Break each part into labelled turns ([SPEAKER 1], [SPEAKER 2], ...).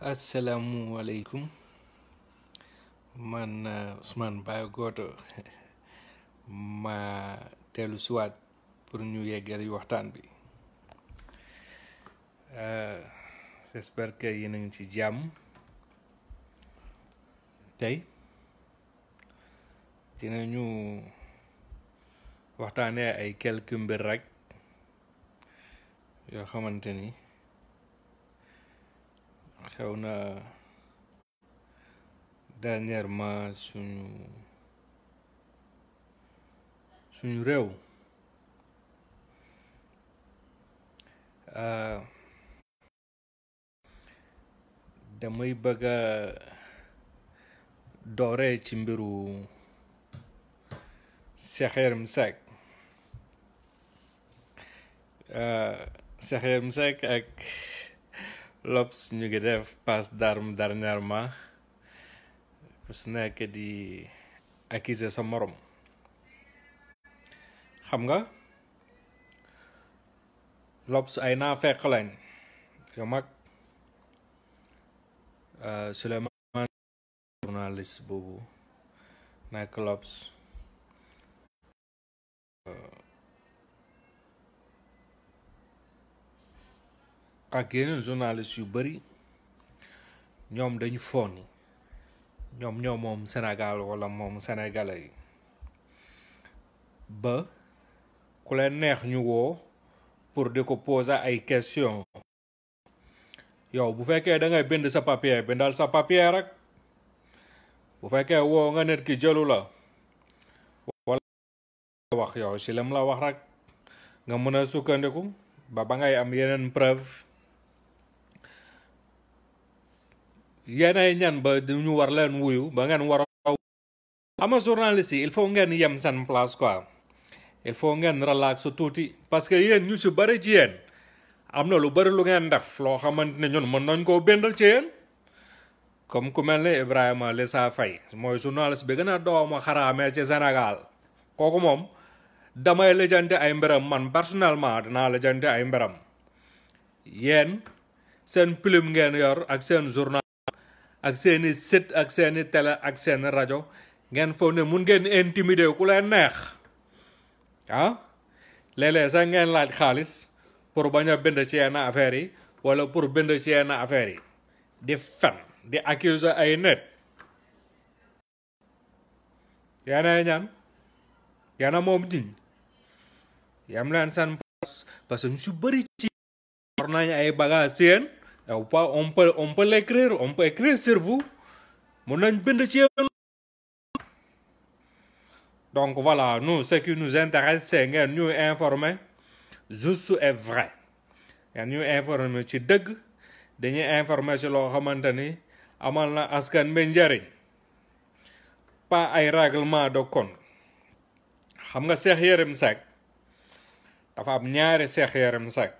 [SPEAKER 1] asalaamualeykum man Ousmane uh, Baye Goto ma teelu siwaat pour ñu yeggari waxtaan bi uh, j'espère que yéen a ngi ci jàmm tey dinañu waxtaanee ay quelques mbir rek yoo xamante ni xew na dernièrement suñu suñu réew ah, damay bëgg a dooree ci mbiru Cheikh Yérim Seck ah, Cheikh Lobs ñu ngi def passe d'armes dernièrement ku si nekk di accuser sa morom xam nga Lobs ay naa fekk lañ yu mag euh, Souleymane journaliste boobu nekk ak yeneen journaliste yu bari ñoom dañu foon yi ñoom ñoo moom Sénégal wala moom sénégalais yi ba ku leen neex ñu woo pour di ko poser ay question yow bu fekkee dangay ngay bind sa papier bindal sa papier rek bu fekkee woo nga nit ki jëlu la wax yow si lam la wax rek nga mën a sukkandiku ba ba ngay am yeneen preuve yéenay ñan ba ñu war leen wuyu ba ngeen war a ama journaliste yi il faut ngeen yem seen place quoi il faut ngeen sa tuuti parce que yéen ñu si bëri ci yéen am na lu bëri lu ngeen def loo xamante ne ñun mën nañ koo bindal ci yéen comme ku mel ne Ibrahima Lissa Faye mooy journaliste bi gën a dooma xaraamee ci Sénégal kooku moom damay lijjanti ay mbiram man personnellement dinaa lijjanti ay mbiram yéen seen plume ngeen yor ak seen journal ak seeni i site ak seen télé ak seen rajo ngeen foog ne mun ngeen intimider ku leen neex ah léeg-léeg sax ngeen laaj xaalis pour bañ a bind ci yenn affaires yi wala pour bind ci yenn yi di fen di accuser ay nit yéenay ñaan yéena moom diñ yam leen seen parce que ñu si bëri ci war nañ ay bagage ci yéen ou pas on peut on peut l'écrire donc voilà nous ce qui nous intéresse ngeen ñu informer juste et vrai ngeen ñu informer ci dëgg dañuy informer ci loo xamante ni amal na askan bi njariñ pas ay règlement de compte xam nga Cheikh Yérim Seck dafa am ñaari Cheikh Yérim Seck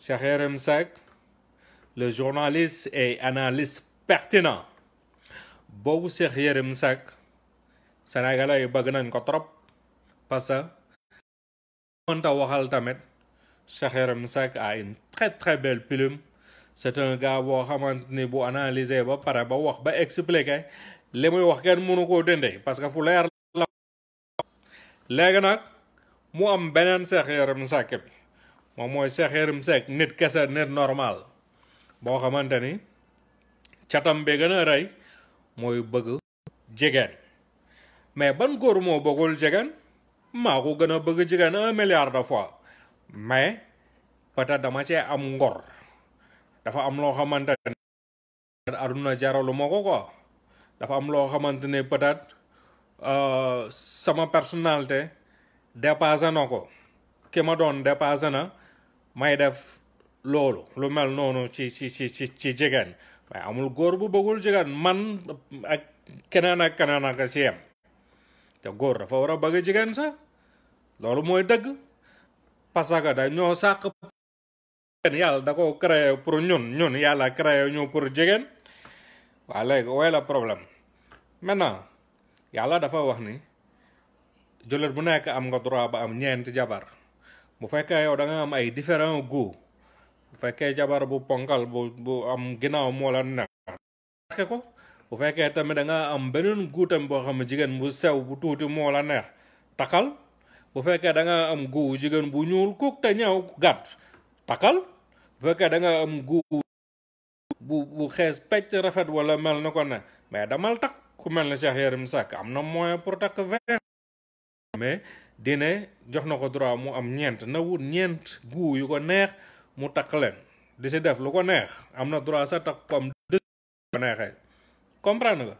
[SPEAKER 1] Cheikh Yérim Seck le journaliste et analyste pertinent boobu Cheikh Yérim Seck sénégalais yi bëgg nañ ko trop parce que mënta waxal tamit Cheikh Yérim Seck a une très très belle plume c'est un boo xamante ni bu analyser ba pare ba wax ba expliquer li muy wax kenn mënu koo dëndee parce que fu leer la léegi nag mu am beneen Cheikh Yérim Seck bi moom mooy Cheikh Yérim Seck nit kese nit normal boo xamante ni catam be gën a rey mooy bëgg jigéen mais ban góor moo bëggul jigéen maa ko gën a bëgg jigéen un milliard de fois mais peut dama cee am ngor dafa am loo xamante ne aduna jaralu ko quoi dafa am loo xamante ne peut-être euh, sama personnalité dépassé na ko ki ma doon dépassé na may def loolu lu mel noonu ci ci ci ci ci jigéen waaye amul góor bu bëggul jigéen man ak keneen ak keneen ak yem te góor dafa war a bëgg jigéen sax loolu mooy dëgg parce que ñoo sàq yàlla da ko créé pour ñun ñun yàlla créé ñu pour jigéen waa léegi way la problème maintenant yàlla dafa wax ni jullit bu nekk am nga droit ba am ñeenti jabar bu fekk yow da nga am ay différents goûts bu fekkee jabar bu ponkal bu bu am ginnaaw moo la ko bu fekkee tamit da nga am beneen guutam boo xam ne jigéen bu sew bu tuuti moo la neex takkal bu fekkee da nga am guwu jigéen bu ñuul kuk te ñaaw gàtt takkal bu fekkee da am guwu bu xees pecc rafet wala mel na ko ne mais demal takk ku mel ne Cheikh Yérim Seck am na moyen pour takk vingt mais dina jox na ko droit mu am ñeent na wut ñeent guu yu ko neex mu takk leen di si def lu ko neex am na droit sa takk comme de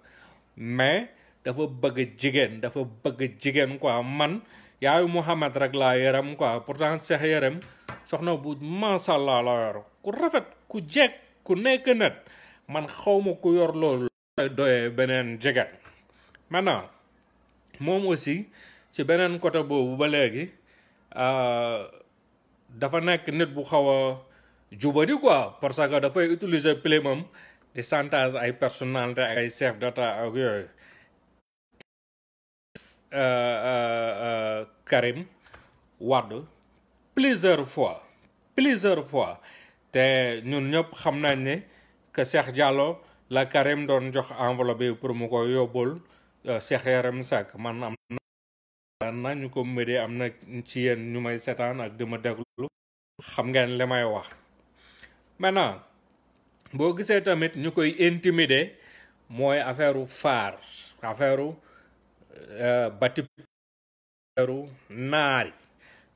[SPEAKER 1] mais dafa bëgg jigéen dafa bëgg jigéen quoi man yaayu Mouhamed rek laa yaram quoi pourtant seex yaram soxna bu macha allah la yor ku rafet ku jekk ku nekk net man xaw ma ku yor loolu doyee beneen jigéen maintenant moom aussi ci beneen côté boobu ba léegi euh, dafa nekk nit bu xaw a jubadi quoi parce que dafay utiliser plémam di chantage ay personnalité ay chef d'état ak yooyu euh, euh, euh, Karim Wade plusieurs fois plusieurs fois te ñun ñëpp xam nañ ne que Cheikh Diallo la Karim doon jox enveloppe pour mu ko yóbbul Cheikh Yaram Seck man am daan ñu ko mbëdee am na ci yéen ñu may seetaan ak dama déglu xam ngeen li may wax maintenant boo gisee tamit ñu koy intimider mooy affaire faar affaire euh, bati affaire naari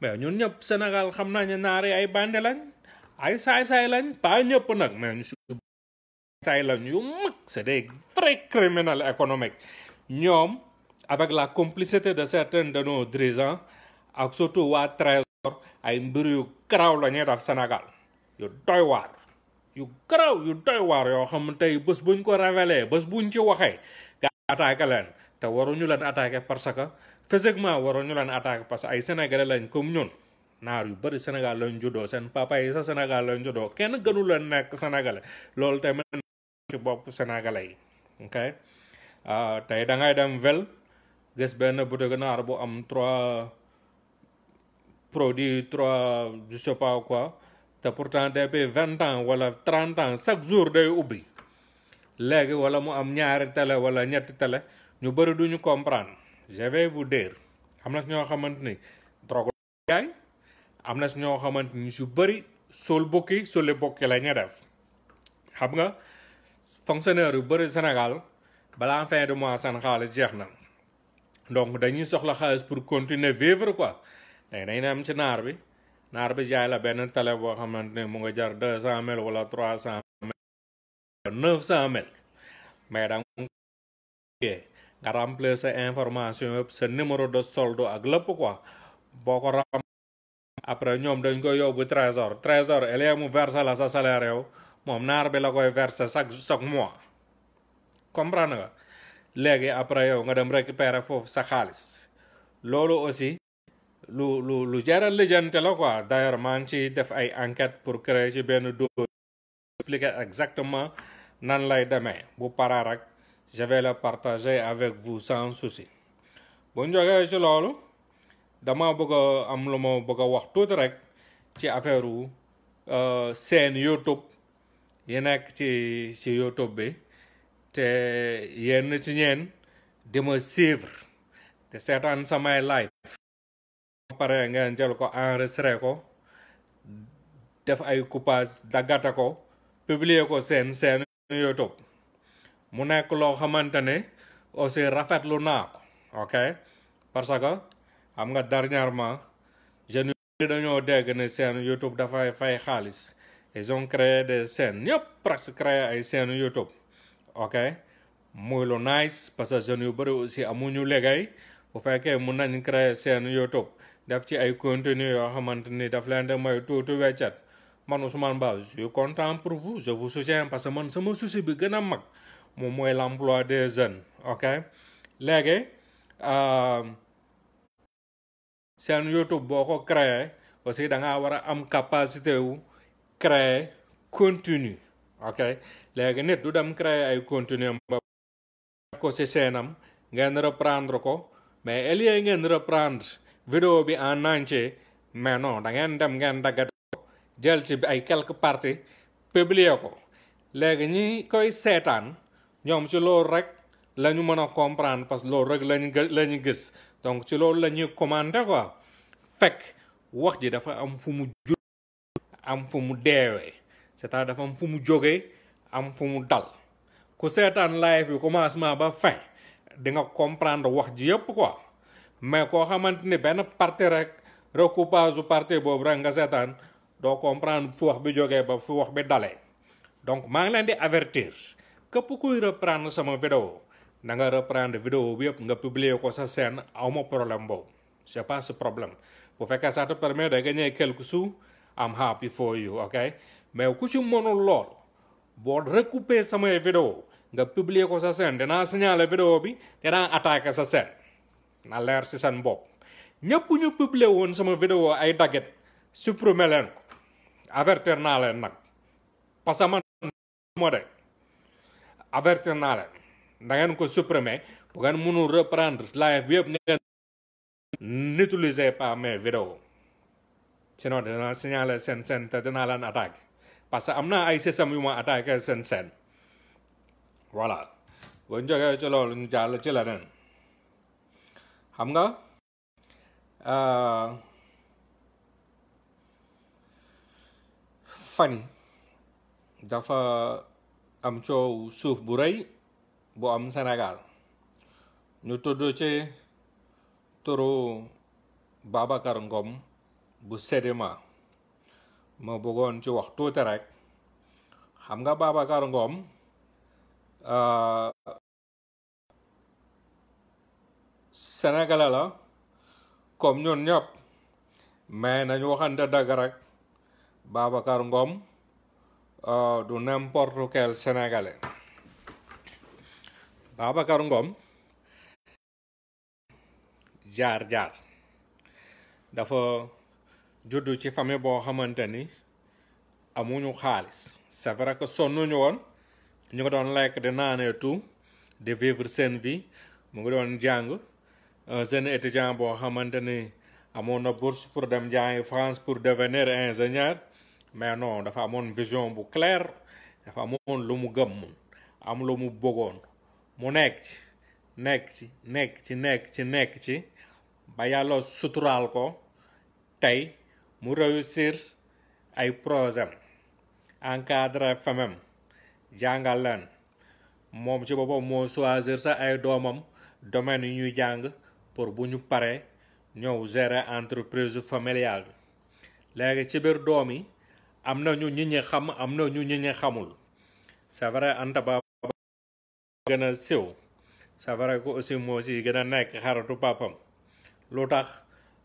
[SPEAKER 1] mais ñun ñëpp Sénégal xam nañu naari ay bande lañ ay saay-saay lañ pas ñëpp nag mais ñu saay lañ yu mag c'est des vrais criminels économiques ñoom avec la complicité de certains de nos dirigeants ak surtout waa trésor ay mbir yu garaaw la ñuy def Sénégal yu doy waar yu garaaw yu doy waar yoo xam tey bés buñ ko révélé bés buñ ci waxee nga attaqué leen te waru ñu leen attaqué parce que physiquement ñu leen attaqué parce que ay sénégalais lañ comme ñoon naar yu bëri Sénégal lañ juddoo seen papa yi sa Sénégal lañ juddoo kenn gënu leen nekk sénégalais loolu tamit ci bopp sénégalais yi ok ah, tey da ngay gis benn boutique naar bu am trois produits trois je sais pas quoi te pourtant depuis vingt ans wala trente ans chaque jour day ubbi léegi wala mu am ñaari télé wala ñetti tele ñu bëri duñu comprendre je vais vous dire am na si ñoo xamante ni drogue jaay am na si ñoo xamante ni su bëri sol bokki sole bokki la ñu def xam nga fonctionnaire yu bëri Sénégal balaa fin de mois seen xaalis jeex na donc dañuy soxla xaalis pour continuer vivre quoi léegi dañu am ci naar bi naar bi jaay la benn télé boo xamante ne mu nga jar deux cent mille wala trois cent mille neuf cent mille mais da nga remplir sa information sa numéro de solde ak lépp quoi boo ko remplir après ñoom dañ koy yóbbu trésor trésor elee mu verse la sa salaire yow moom naar bi la koy verse chaque chaque mois comprendre nga léegi après yow nga dem récupérer foofu sa xaalis loolu aussi lu lu lu jaral lijjante la quoi d'ailleurs maa ngi ci def ay enquête pour créer ci benn dossier expliquer exactement nan lay demee bu para rek je vais le partager avec vous sans souci bu jógee ci loolu dama bëgg a am lu ma bëgg a wax tuuti rek ci affaire wu euh, seen YouTube yi nekk ci ci YouTube bi te yenn ci ñeen di ma te seetaan samay live pare ngeen jël ko enregistré ko def ay coupage daggate ko publier ko seen seen YouTube mu nekk loo xamante ne aussi rafetlu naa ko ok parce que xam nga dernièrement jeunes yi dañoo dégg ne seen YouTube dafay fay xaalis ils ont créé des chaînes ñëpp presque créé ay seen YouTube ok muy lu nice parce que jeunes yu bëri aussi amuñu liggéey bu fekkee mun nañ créer seen YouTube def ci ay contenu yoo xamante ni daf leen di may tuuti weccat man Ousmane Ba je suis content pour vous je vous soutiens parce que man sama souci bi gën a mag moom mooy l'emploi des jeunes ok léegi um, seen YouTube boo ko créer aussi da ngaa war a am capacité wu créer contenu ok léegi nit lu dem créer ay contenu ba def ko ci seenam ngeen reprendre ko mais au ngeen reprendre vidéo bi en entier mais non da ngeen dem ngeen daggat jël ci ay quelques parties publier ko léegi ñi koy seetaan ñoom ci loolu rek la ñu mën a comprendre parce que loolu rek lañu la ñu gis donc ci loolu la ñuy commenter quoi fekk wax ji dafa am fu mu jur am fu mu deewee c'est-à-dire fu mu jógee am fu mu dal ku seetaan live commencement ba fin di nga comprendre wax ji yépp ko mais koo xamante ni benn parti rek recoupage su parti boobu rek nga seetaan doo comprendre fu wax bi jógee ba fu wax bi dalee donc maa ngi leen di avertir képp kuy reprendre sama vidéo na nga reprendre vidéo bi yëpp nga publier ko sa seen scène awma problème boobu c'est pas ce problème bu fekkee ça te permet de gagner quelques sous I'm happy mais ku ci mënul lool boo recoupé samay vidéo nga publier ko sa chaîne dinaa signaler vidéo bi dinaa attaque sa chaîne na leer ci seen bopp ñëpp ñu publier woon sama vidéo ay dagget supprimer leen ko avertir naa leen nag parce que man ma de avertir naa leen da ngeen ko supreme bu ngeen mënul reprendre live bi yëpp ngeen n'utilisez pas mes vidéos sinon dinaa signaler seen seen te dinaa leen attaqué parce que am na ay système yu ma attaqué seen seen voilà ba ñu jógee loolu ñu jàll ci leneen xam nga ah, fan dafa am coow suuf bu rey bu am senegal ñu tudd ci turu Babacar Ngom bu Sedima ma bëggoon ci wax tuuti rek xam nga Babacar Ngom euh, sénégalais la comme ñoon ñëpp mais nañu waxante dëgg rek Babacar Ngom euh, du n'importe quel sénégalais Babacar Ngom jaar jaar dafa juddu ci famille boo xamante ni amuñu xaalis c'est vrai que sonnuñu woon ñu ngi doon lekk di naaneetu di vivre seen vie mu ngi doon jàng jeune étudiant boo xamante ni amoon na bourse pour dem jàngi France pour devenir ingénieur mais non dafa amoon vision bu claire dafa amoon lu mu gëm am lu mu bëggoon mu nekk ci nekk ci nekk ci nekk ci nekk ci ba yàlla suturaal ko tey mu réussir ay prosem encadré famem jàngal leen moom ci boppam moo choisir sax ay doomam domaine yu ñuy jàng pour bu ñu paree ñëw gérer entreprise familiale bi léegi ci biir doom yi am na ñu ñi ñi xam am na ñu ñi xamul c'est vrai Anta a siw c'est vrai que moo si gën papam lu tax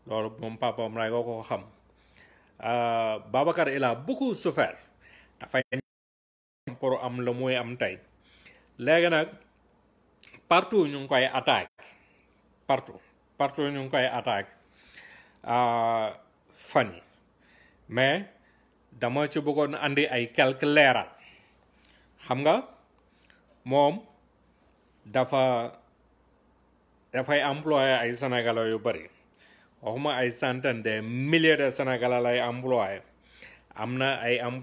[SPEAKER 1] loolu moom papam rek ko xam Euh, Babacar il a beaucoup souffert dafay pour am la muy am tey léegi nag partout ñu ngi koy attaque partout partout ñu ngi koy attaque euh, fan mais dama ci bëggoon andi ay quelque leeral xam nga moom dafa dafay employé ay sénégalais yu bari waxuma ay centaine de milliers de sénégalais lay employé am na ay am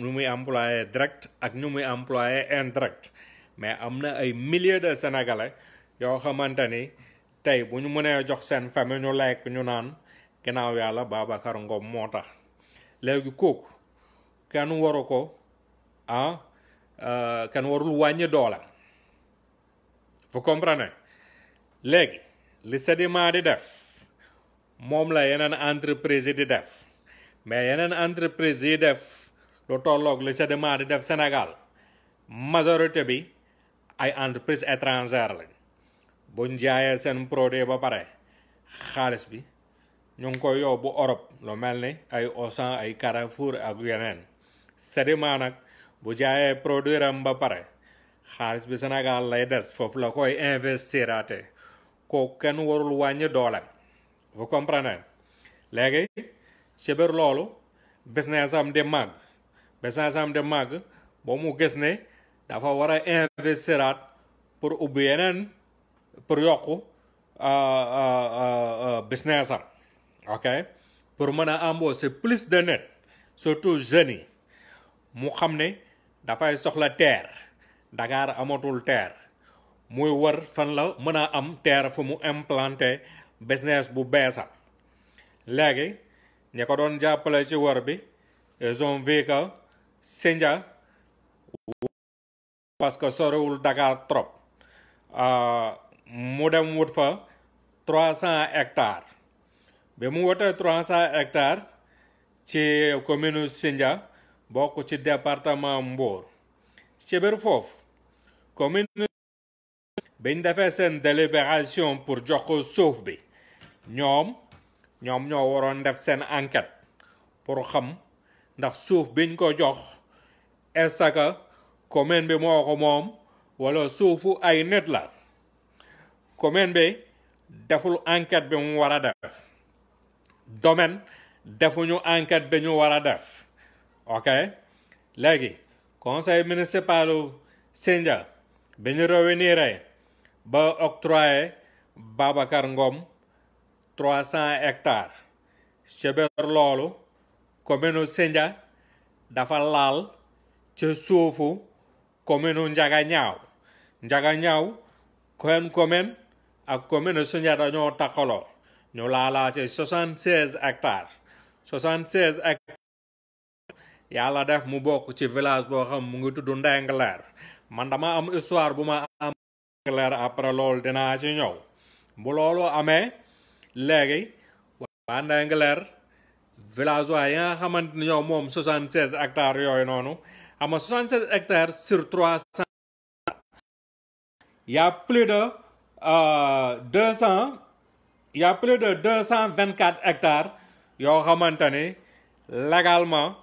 [SPEAKER 1] ñu muy employé direct ak ñu muy employé indirect mais am na ay milliers de sénégalais yoo xamante ni tey bu ñu mënee jox seen famille ñu lekk ñu naan ginnaaw yàlla Babacar Ngom moo tax léegi kooku kenn waru ko ah kenn warul wàññi doolam vous comprenez léegi li Sedima di def moom la yeneen entreprise yi di def mais yeneen entreprise yi def lu tolloog li SEDIMA di def Sénégal majorité bi ay entreprise étrangère lañ buñ jaayee seen produit ba pare xaalis bi ñu ngi yow bu Europe lu mel ni ay Auchan ay Carrefour ak yeneen SEDIMA nag bu jaayee produit am ba pare xaalis bi Sénégal lay des foofu la koy investiraate kooku kenn warul wàññi dooleem vous comprenez léegi ci biir loolu business am di màgg business am di màgg ba mu gis ne dafa war a investiraat pour ubbi yeneen pour yokku euh, euh, euh, business am ok pour mën a embaucher plus de net surtout jeunes yi mu xam ne dafay soxla terre Dakar amatul terre muy war fan la mën a am terre fu mu implante business bu beesa léegi ñi ko doon jàppale ci wor bi ils ont vu que parce que sorewul Dakar trop euh, mu dem wut fa trois cent hectares bi mu wutee cent hectares ci commune Sindia bokk ci département mbool ci biir foofu commune biñ defee seen délibération pour jox ko suuf bi ñoom ñoom ñoo waroon def seen enquête pour xam ndax suuf biñ ko jox est-ce bi moo ko moom wala suufu ay nit la commune bi deful enquête bi mu war a def domaine defuñu enquête bi ñu war a def ok léegi conseil municipalu Sindia bi ñu réunir ba octroyé Babacar Ngom trois cent hectares ca biir loolu commune Sindia dafa laal ca suufu commune Njagañaaw Njagañaaw seen commune ak commune Sindia dañoo takkaloo ñu laalaa ci soixante seize hectares soixante seize hectares yàlla def mu bokk ci village boo xam mu ngi tudd Ndengler man dama am histoire bu ma am Ndengler après loolu dinaa ci ñëw bu loolu amee léegi waa Ndingler villageois yi nga xamante ni ñoom moom 76 hectares yooyu noonu ama 76 hectares sur 300 y a plus de 200 y a plus de hectares yoo xamante ni légalement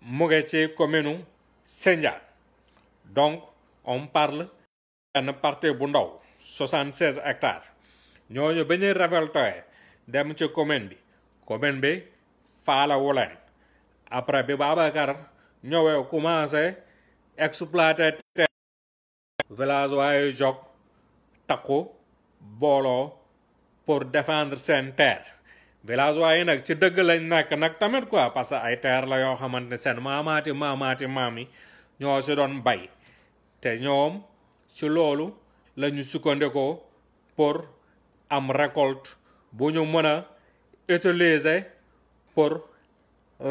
[SPEAKER 1] mu ngi ci commune Sendia donc on parle benn partie bu ndaw 76 hectares ñooñu ba ñu révolté dem ci commune bi commune bi faalawu leen après bi Babacar ñëwee commencé exploité terre village waaye jóg takku booloo pour defendre seen terre village waaye nag ci dëgg lañ nekk nag tamit quoi parce que ay terre la yoo xamante ne seen maamaati maamaati maam yi ñoo si doon bay te ñoom ci loolu lañu ñu sukkandikoo pour am récolte bu ñu mën a utiliser pour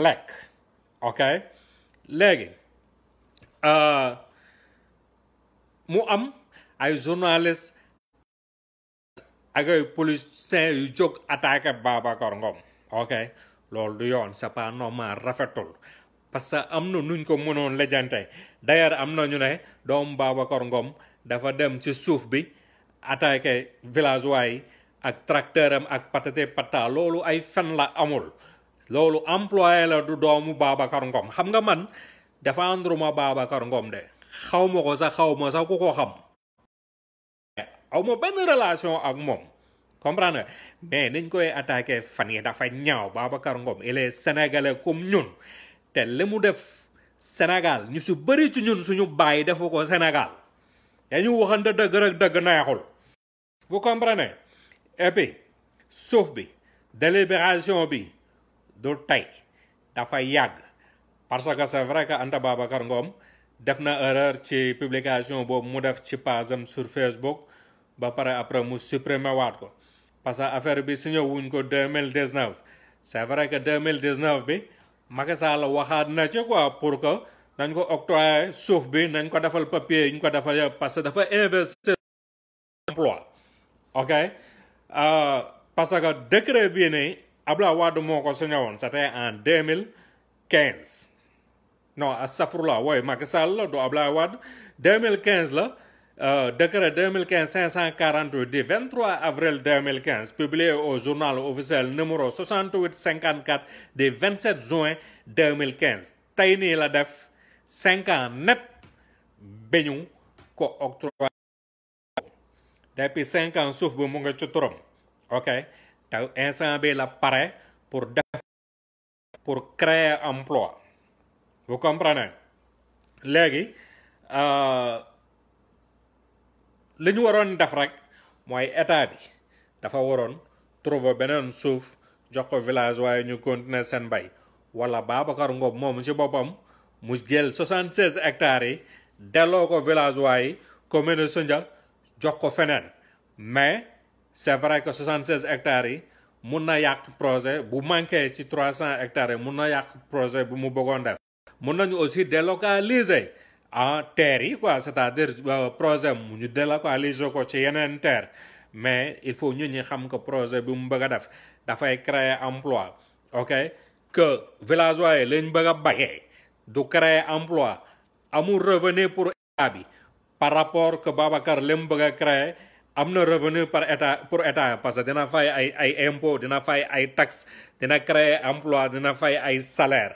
[SPEAKER 1] lekk ok léegi euh, mu am ay journaliste ak ay policiers yu jóg attaqué Babacar Ngom ok loolu du yoon c'est pas normal rafetul parce que am na nuñ ko mënoon lejante d'ailleurs am na ñu ne doomu Babacar Ngom dafa dem ci suuf bi attaqué villageois yi ak tracteur am ak patate pata loolu ay fen la amul loolu employé la du doomu Babacar Ngom xam nga man défendre ma Babacar Ngom de xaw ma ko sax xaw ma sax ku ko xam aw ma benn relation ak moom comprendre mais niñ koy attaqué fan yi dafa ñaaw Babacar Ngom il est sénégalais ñun te li mu def Sénégal ñu su bari ci ñun suñu bàyyi defu ko Sénégal yaa ñu waxante dëgg rek dëgg neexul vous comprenez et eh suuf bi délibération bi du tey dafa yàgg parce que c'est vrai que Anta Babacar Ngom def na erreur ci publication boobu mu def ci page am sur Facebook ba pare après mu supprimer waat ko parce que affaire bi si ñëw wuñ ko 2019 c'est vrai que 2019 bi Macky Sall waxaat na ci quoi pour que nañ ko octroyer suuf bi nañ ko defal papier yi ñu ko defal parce que dafa investir emploi ok euh, parce que décret bii nii Abdoulaye Wade moo ko signé woon c'était en deux mille quinze non astafurlah wooy Macky Sall la du Abdoulaye Wade deux mille quinze la euh, décret 2015 548 du 23 avril 2015 publié au journal officiel numéro 68 54 du 27 juin 2015 tey nii la def cinquante ans net ba ñu ko octroi depuis cinq suuf bi mu nga ci turam ok te instant bi la pare pour def pour créer emploi vous comprenez léegi euh, li ñu waroon def rek mooy état bi dafa waroon trouver beneen suuf jox ko village waaye ñu continuer seen mbay wala Babacar Ngom moom ci boppam mu jël 76 hectares yi delloo ko villageois yi commune Soundial jox ko feneen mais c'est vrai que 76 hectares yi mun na yàq projet bu manqué ci 300 hectares yi mun na yàq projet bi mu bëggoon def. mun nañu aussi délocaliser ah terre yi quoi c'est-à-dire euh, projet mu ñu délocaliser ko ci yeneen terre mais il faut ñu ñi xam ko projet bi mu bëgg a def dafay créer emploi ok que villageois yi lañ bëgg a du créer emploi amul revenu pour état bi par rapport que Babacar li mu bëgg a créer am na revenu par état pour état parce que dina fay ay ay impôt dina fay ay tax dina créer emploi dina fay ay salaire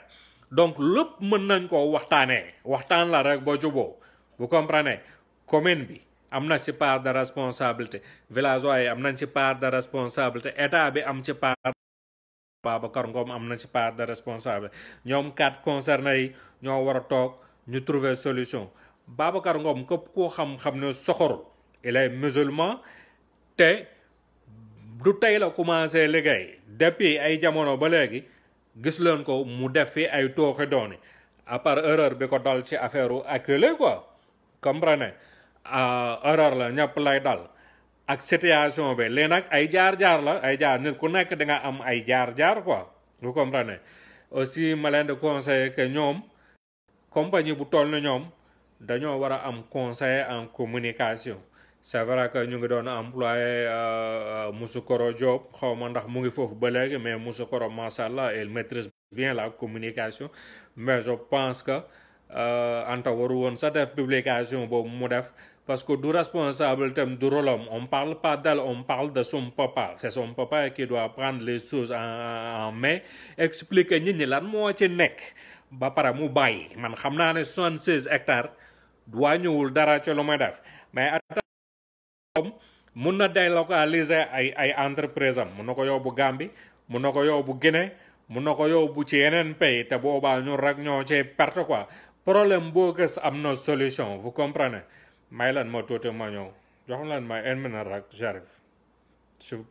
[SPEAKER 1] donc lépp mën nañ ko waxtaanee waxtaan la rek boo juboo bu comprenez commune bi am na ci part de responsabilité villageois yi am nañ ci part de responsabilité état bi am ci part Babacar Ngom am na ci part de responsable ñoom quatre concernés yi ñoo war a toog ñu trouver solution Babacar Ngom képp koo xam-xam ne soxor il musulman te du tey la commencé liggéey depuis ay jamono ba léegi gis leen ko mu def fi ay tooxi dooni à part erreur bi ko dal ci affaire u acculé quoi comprendre ah, erreur la ñëpp lay dal ak situation bi léegi nag ay jaar-jaar la ay jaar nit ku nekk da nga am ay jaar-jaar quoi vous comprenez aussi ma leen di conseiller que ñoom compagnie bu toll na ñoom dañoo war a am conseiller en communication c'est vrai que ñu ngi doon employé euh, Moussoukoro Diop xaw ma ndax mu ngi foofu ba léegi mais Moussoukoro macha allah il maîtrise bien la communication mais je pense que euh, Anta waru woon sa def publication boobu mu def parce que du responsable tam du rôle am on parle pas d'elle on parle de son papa c'est son papa qui doit prendre les choses en mais main expliquer nit ñi lan moo ci nekk ba pare mu bàyyi man xam naa ne soixante-seize hectares waa ñëwul dara ci lu ma def mais atam mun na délocaliser ay ay entreprise am mun na ko yow bu Gambie mun na ko yow bu Guinée mun na ko yow bu ci yeneen pays te boobaa ñun rek ñoo ci perte quoi problème boo gës am na solution vous comprenez may lan ma tuuti ma ñëw jox ma lan may une minute rek j'arrive s'il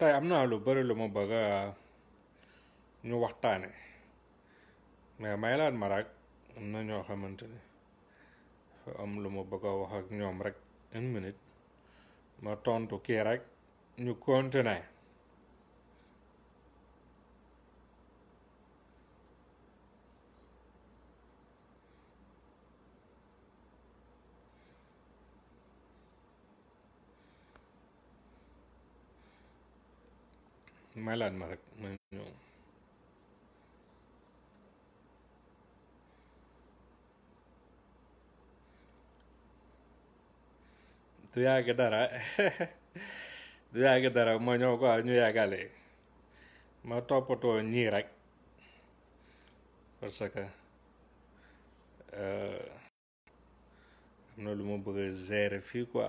[SPEAKER 1] te am naa lu bari lu ma bëgg ñu waxtaane mais may laan ma rek am na ñoo xamante ni am lu ma bëgg a wax ak ñoom rek une minute ma tontu kii rek ñu continuer may laat ma rek du yàgg dara du yàgg dara ma ñëw ko ñu yàggale ma toppatoo ñii rek parce que am na lu ma bëgg a gérer fii quoi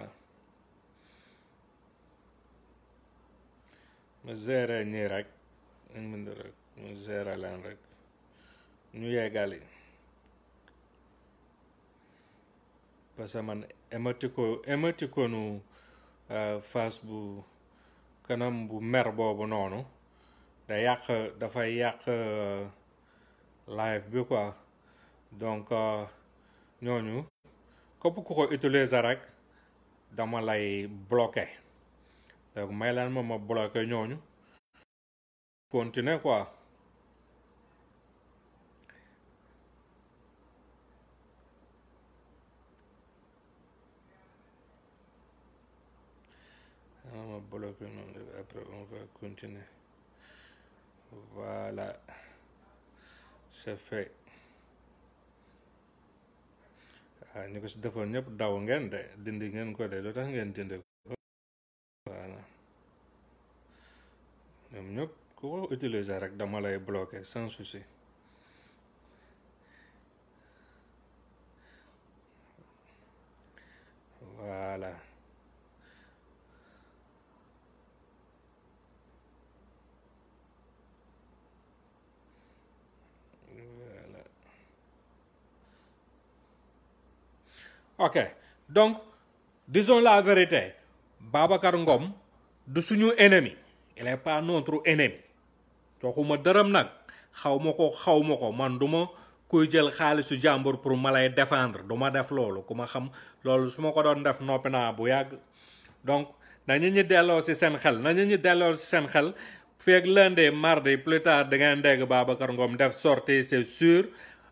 [SPEAKER 1] ma gérer ñii rek ñu mbind rek leen rek ñu yeggali parce que man émoticône émoticône euh, face bu kanam bu mer boobu noonu da yàq dafay yàq euh, live bi quoi donc euh, ñooñu képp ku ko utiliser rek dama lay bloqué donc may laan ma ma bloqué ñooñu continuer quoi ah, ma bloqué ñooñu après on va continuer voilà c'est fait waaw ah, ñu ko si defoon ñëpp daw ngeen de dindi ngeen ko de lu tax ngeen dindi ko ñoom ñëpp ku ko rek dama lay bloquer sans souci voilà voilà ok donc disons la vérité Babacar Ngom du suñu ennemi il est pas notre dërëm nag xaw ma ko xaw ma ko man duma ma kuy jël xaalisu jàmbur pour ma lay défendre du ma def loolu ku ma xam loolu su ma ko doon def noppi naa bu yàgg donc nañu ñu delloo ci seen xel nañu ñu delloo ci seen xel feeg lundi mardi plus tard da ngeen dégg Babacar Ngom def sortie c'est sûr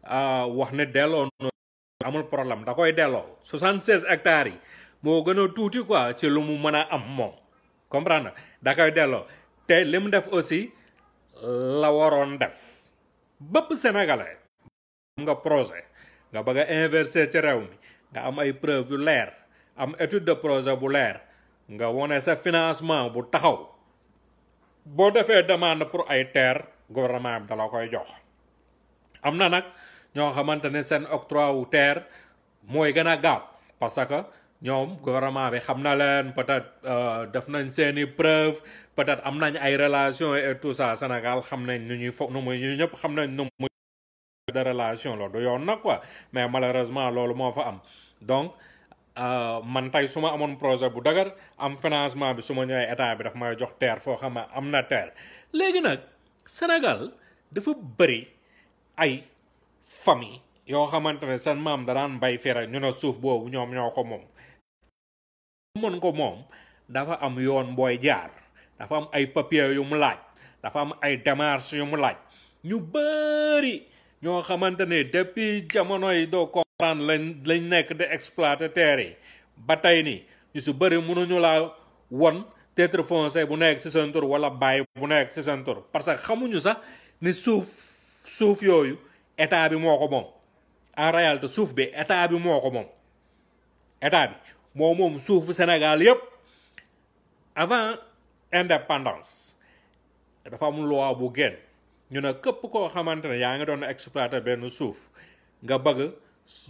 [SPEAKER 1] ah, wax ne delloo amul problème da koy delloo 76 hectares yi moo gën a tuuti quoi ci lu mu mën a am moom comprendre da koy delloo tey li mu def aussi la waroon def bépp sénégalais nga projet nga bëgg a inverser ci réew mi nga am ay preuve yu leer am étude de projet bu leer nga wone sa financement bu taxaw boo defee demande pour ay terre gouvernement bi dala koy jox am na nag ñoo xamante seen octroi wu terre mooy gën gaaw parce ñoom gouvernement bi xam na leen peut-être euh, def nañ seeni preuve peut-être am nañ ay relation et tout ça Sénégal xam nañ nu ñuy fo nu muy ñu ñëpp xam nañ nu muy de relation la du yoon na quoi mais malheureusement loolu moo fa am donc euh, man tey su ma amoon projet bu dagar am financement bi su ma ñëwee état bi dafa may jox terre foo xam ne am na terre léegi nag Sénégal dafa bëri ay famille yoo xamante ne seen maam da daan bay fii ñu ne suuf boobu ñoom ñoo ko moom mën ko moom dafa am yoon booy jaar dafa am ay papier yu mu dafa am ay démarches yu mu ñu bëri ñoo xamante ne depuis jamono yi doo comprendre lañ lañ nekk di exploiter terre yi ba tey nii ñu si bëri laa won titre foncier bu nekk si seen wala bàyyi bu nekk si seen tur parce que xamuñu sax ni suuf yooyu état bi moo ko moom en réalité suuf bi état bi moo ko moom état bi moo moom suufu Sénégal yépp avant indépendance dafa am loi bu génn ñu ne képp koo xamante ne yaa ngi doon exploiter benn suuf nga bëgg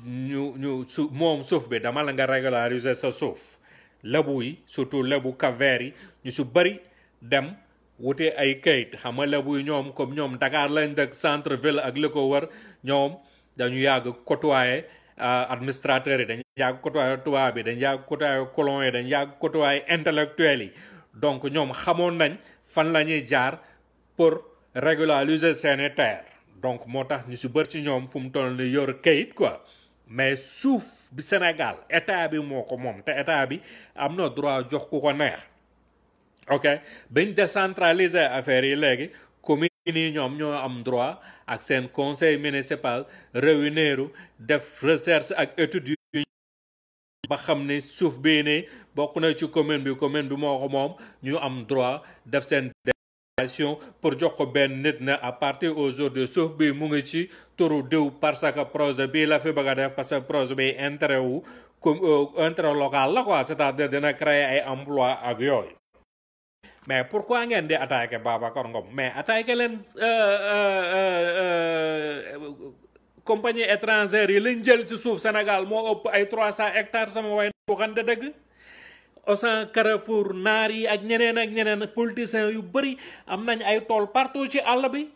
[SPEAKER 1] ñu ñu su moom suuf bi dama la nga régulariser sa suuf lebu yi surtout lebu Cap-Vert yi ñu su bëri dem wute ay kayit xam nga lebu yi ñoom comme ñoom Dakar lañ dëkk centre ville ak li ko wër ñoom dañu yàgg côtoyer euh, administrateur yi dañ yàgg côtoyé tubaab bi dañ yàgg côtoyé colon yi dañ yàgg côtoyé intellectuel yi donc ñoom xamoon nañ fan la ñuy jaar pour régulariser seeni terre donc moo tax ñu si bër ci ñoom fu mu toll ni yor kayit quoi mais suuf bi Sénégal état bi moo ko moom te état bi am na droit jox ku ko neex ok bañ décentraliser affaires yi léegi commune nii ñoom ñoo am droit ak seen conseil municipal réuniru def recherche ak étude ba xam ne suuf bii ne bokk na ci commune bi commune bi moo ko moom ñu am droit def seen délégation pour jox ko benn nit na à partir aujourd'hui suuf bi mu ngi ci turu diw parce que projet bii la fi bëgg def parce que projet bi intérêt wu comme euh, intérêt local la quoi c'est-à-dire dina créer ay emploi ak yooyu mais pourquoi ngeen di attaquer Babacar Ngom mais attaquer leen euh, euh, compagnie étrangère yi lañ jël ci suuf senegal moo ëpp ay 300 ectare sama way bu xante dëgg Auchan Carrefour naar yi ak ñeneen ak ñeneen politiciens yu bëri am nañ ay tool partout ci àll bi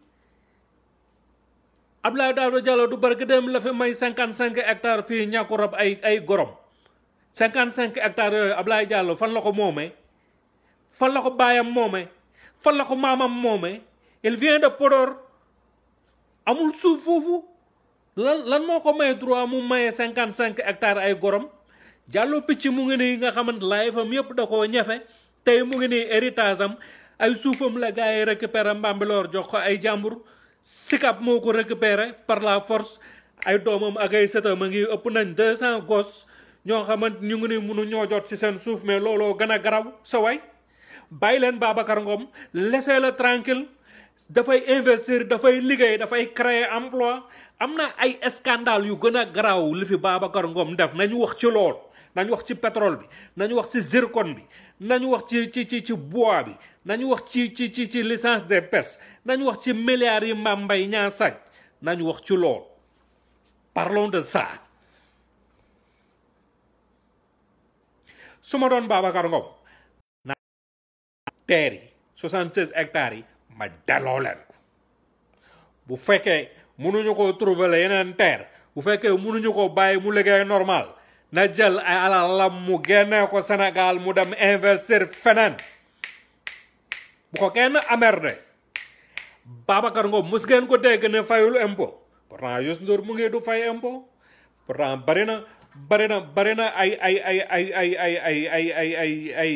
[SPEAKER 1] ab Abdoulaye Daouda Diallo du barke dem la fi may 55 ectare fii ñàkku ñàkkurab ay ay gorom 55 hectares yooyu Abdoulaye Diallo fan la ko moomee fan la ko baayam moomee fan la ko maamam moomee il vient de Podor amul suuf foofu lan lan moo ko may droit mu maye cinquante cinq hectares ay gorom jàllo picc mu ngi nii nga xamante laay fam yëpp da koo ñefe tey mu ngi nii héritage am ay suufam la gars yi récupéré Mbambilor jox ko ay jàmbur Sicap moo ko récupéré par la force ay doomam ak ay sëtam a ngi ëpp nañ deux cent gos ñoo xamant ñu ngi ni mënu ñoo jot ci seen suuf mais looloo gën a garaw sa waay bàyyi leen Babacar ngoom laissez-le tranquille dafay investir dafay liggéey dafay créer emploi am na ay scandale yu gën a garaaw li fi Babacar Ngom def nañu wax ci lool nañu wax ci pétrole bi nañu wax ci zircon bi nañu wax ci ci ci ci bois bi nañu wax ci ci ci ci licence des pêches nañu wax ci milliards yi Mame Mbaye Niang sàcc nañu wax ci lool parlons de ça su ma doon Babacar Ngom na terre yi 76 hectares yi ma delloo leen bu fekkee mënuñu ko trouver yeneen terre bu fekkee mënuñu ko bàyyi mu liggéey normal na jël ay alalam mu génnee ko Sénégal mu dem investir feneen bu ko kenn amer de Babacar Ngom mos ngeen ko dégg ne fayul impôt pourtant Youssou Ndour mu ngi du fay impôt pourtant bari na bari na bari na ay ay ay ay ay ay ay ay ay ay ay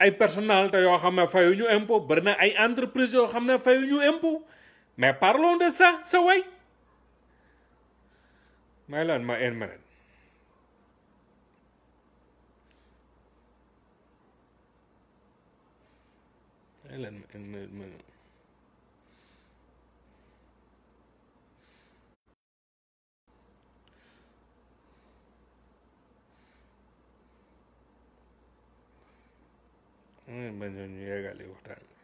[SPEAKER 1] ay personnalité yoo xam ne fayuñu impôt bari na ay entreprise yoo xam ne ñu impôt Mais parlons de ça, ça way. May leen ma une minute. May ma une minute. May leen ma ñu yeggali waxtaan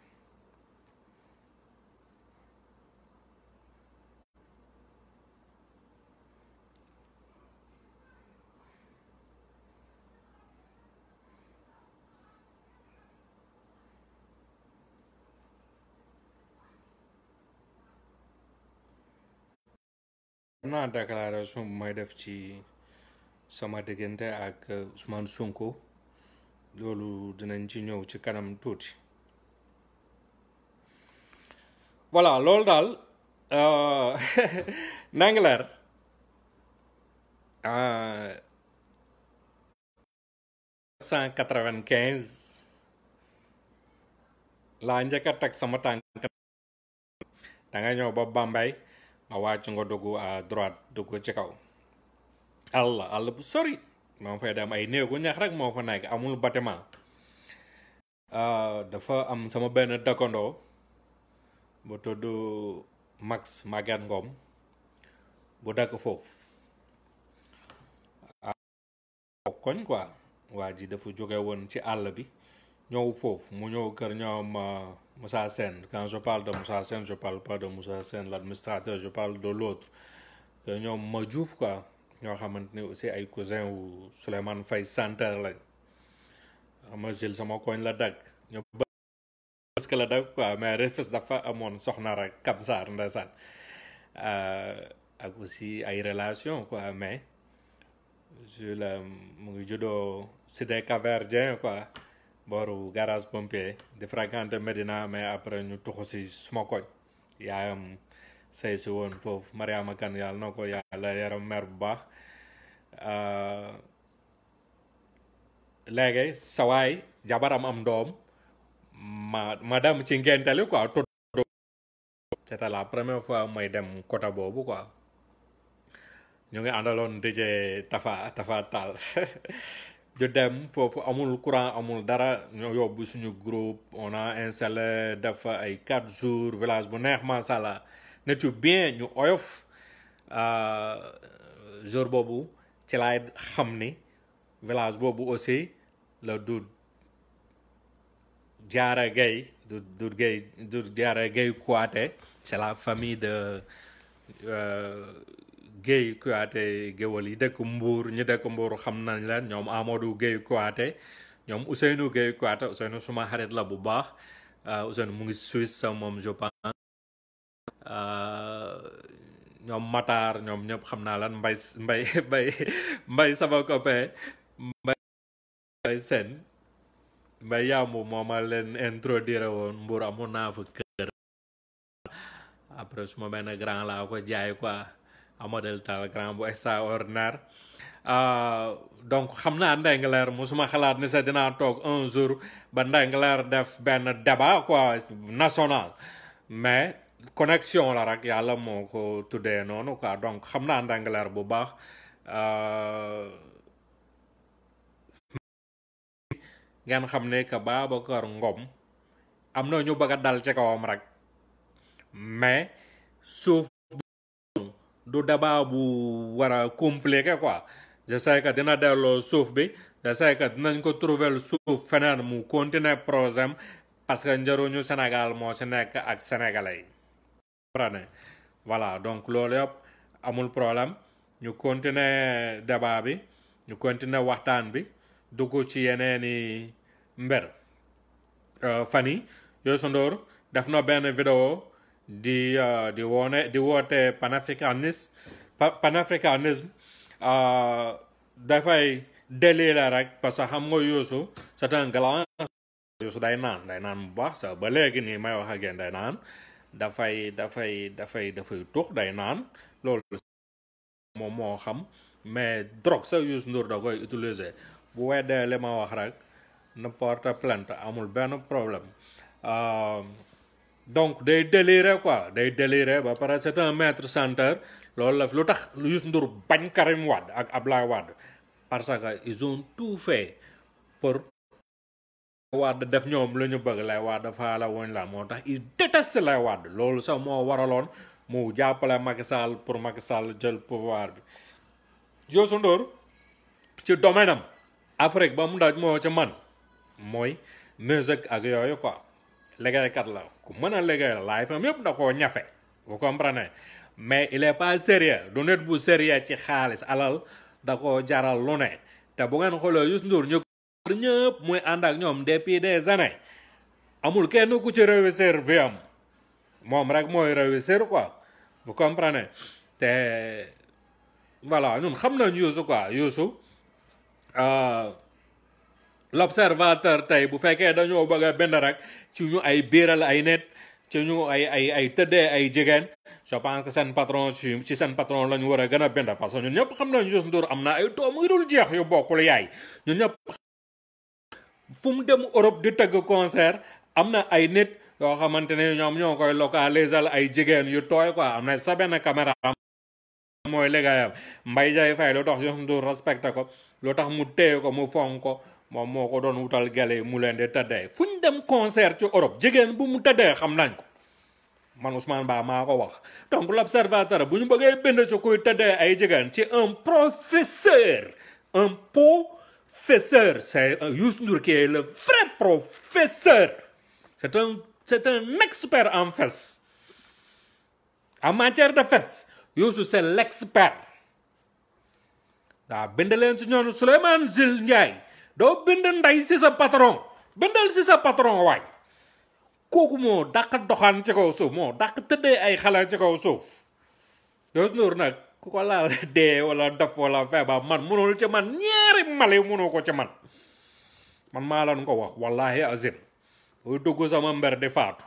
[SPEAKER 1] Muna declaration ci sama diggante ak Ousmane Sonko loolu dinañ ci ñëw ci kanam tuuti voilà loolu daal euh, nangi euh, cent quatre vingt laa njëkk a teg sama tànk da ñëw ba Bambey nga wàcc nga dugg à ah, droite dugg ci kaw àll àll bu sori moom fay da am ay néegu ñax rek moo fa nekk amul bâtiment ah, dafa am sama benn dëkkandoo bu tudd Max Maguette Ngom bu dëkk foofu ah, koñ quoi waa ji dafa jóge woon ci àll bi ñëw foofu mu ñëw kër ñoom Moussa Sen. Quand je parle de Moussa Sen, je parle pas de Moussa Sen, l'administrateur, je parle de l'autre. Que ñoom Madiouf quoi ñoo xamante ni aussi ay cousin wu Souleymane Faye Santer lañ xam sama koñ la dagg ñu que la dafa amoon soxna rek Cap Sarr ndeysaan ak ay relation quoi mais je la mu ngi juddoo Sudé Cap-Verdien quoi booru garage pompier di fréquenté Medina mais après ñu tuxu si suma koñ yaayam say si woon foofu Mariama Kan yàlla na ko yàlla yaram mer bu baax euh, léegi sawaay jabaram am ndoom ma madam dem ci ngenteli quoi tudd c'était la première fois may dem côté boobu quoi ñu ngi àndaloon DJ Tafa Tafa Tall ju dem foofu amul courant amul dara ñoo yóbbu suñu groupe on a installé def ay quatre jours village bu neex macha allah nature bien ñu oyof euh, jour boobu ci laay xam ni village boobu aussi la du jaara gay du du gay du jaara c'est la famille de euh, Guèye Kouyaté géwal yi dekk mbuur ñi dekk Mbour xam nañ la ñoom Amadou Guèye Kouyaté ñoom Ousseynou Guèye Kouyaté Ousseynou suma xarit la bu baax euh, Ousseynou mu ngi Suisse moom je pense euh, ñoom Matar ñoom ñëpp xam naa lan mbay mbay sama copain mbay seen mbay yàmbu moo ma leen introduire woon mbuur amoon naa fa kër après suma benn grand laa ko jaay quoi amadel Tall grand bu extraordinaire ah, donc xam naa Ndeye Nguler musuma xalaat ni sax dinaa toog un jour ba Ndeye def benn débat quoi national mais connexion la rek yàlla moo ko tuddee noonu quoi donc xam na Ndeye Nguler bu baax ah, ngeen xam ne que Babacar Ngom am na ñu bëgg a dal kawam rek mais suuf du débat bu war a compliqué quoi je sais que dina delloo suuf bi je sais que dinañ ko trouver suuf feneen mu continuer projet parce que njëriñu Sénégal moo ci nekk ak sénégalais yi. voilà donc loolu yëpp amul problème ñu continuer débat bi ñu continuer waxtaan bi dugg ci yeneeni mbir euh, fan yi Youssou def na benn vidéo di uh, di woone di woote panafricanisme panafricanisme uh, dafay délire rek parce que xam nga Youssou c'est un grand Youssou day naan day naan bu baax sax ba léegi nii may wax ak yéen day naan dafay dafay dafay dafay day naan loolu moo xam mais drogue sax utiliser bu weddee li ma wax rek ne porte plainte amul benn problème euh, donc day déliré quoi day déliré ba pare c'est un maître chanteur loolu la lu tax Youssou Ndour bañ Karim Wade ak Ablaye Wade parce que ils ont tout fait pour Wade def ñoom lu ñu bëgg lay Wade faa la woñ moo tax il déteste lay Wade loolu sax moo waraloon mu jàppale Macky Sall pour Macky jël pouvoir bi Youssou Ndour ci domaine Afrique ba mu daj moo ci man mooy musique ak yooyu quoi liggéeykat la ku mën a liggéey la laay fam yëpp da koo ñafe vous comprenez mais il est pas sérieux du nit bu sérieux ci xaalis alal da koo jaral lu ne te bu ngeen xoolee Youssou Ndour ñu muy ànd ak ñoom depuis des années amul kenn ku ci réussir vie am moom rek mooy réussir quoi vous comprenez te voilà ñun xam nañ Youssou quoi Youssou euh, l'observateur tey bu fekkee dañoo bëgg a benn rek ci ñu ay biiral ay net ci ñu ay ay ay tëddee ay jigéen je pense que seen patron ci ci seen patron la ñu war a gën a bind parce que ñun ñëpp xam nañu Youssou Ndour am na ay doom yu dul jeex yu bokkul yaay ñun ñëpp fu mu dem Europe di tëgg concert am na ay nit yoo xamante ne ñoom ñoo koy localiser ay jigéen yu tooy quoi am na sa benn caméra mooy liggéeyam Mbaye Ndiaye Faye lu tax Youssou Ndour respecté ko lu tax mu téye ko mu fonk ko moom moo ko doon wutal gale mu leen di tëddee fu ñu dem concert ci Europe jigéen bu mu tëddee xam nañ ko man Ousmane Ba maa ko wax donc l'observateur bu ñu bëggee bind ci kuy tëddee ay jigéen ci un professeur un professeur c'est euh, Youssou Ndour qui le vrai professeur c'est un c'est un expert en fes en matière de fesses Youssou c'est l'expert daa bind leen si ñoonu Souleymane Jules Ndiaye doo bind ndey si sa patron bindal si sa patron waay kooku moo dàq doxaan ci kaw suuf moo dàq tëddee ay xale ci kaw suuf Youssou Ndour nag ku ko laal dee wala daf wala feebar man mënul ci man ñeeri mali mënoo ko ci man man maa lan ko wax wallahi azim booy dugg sama mber di faatu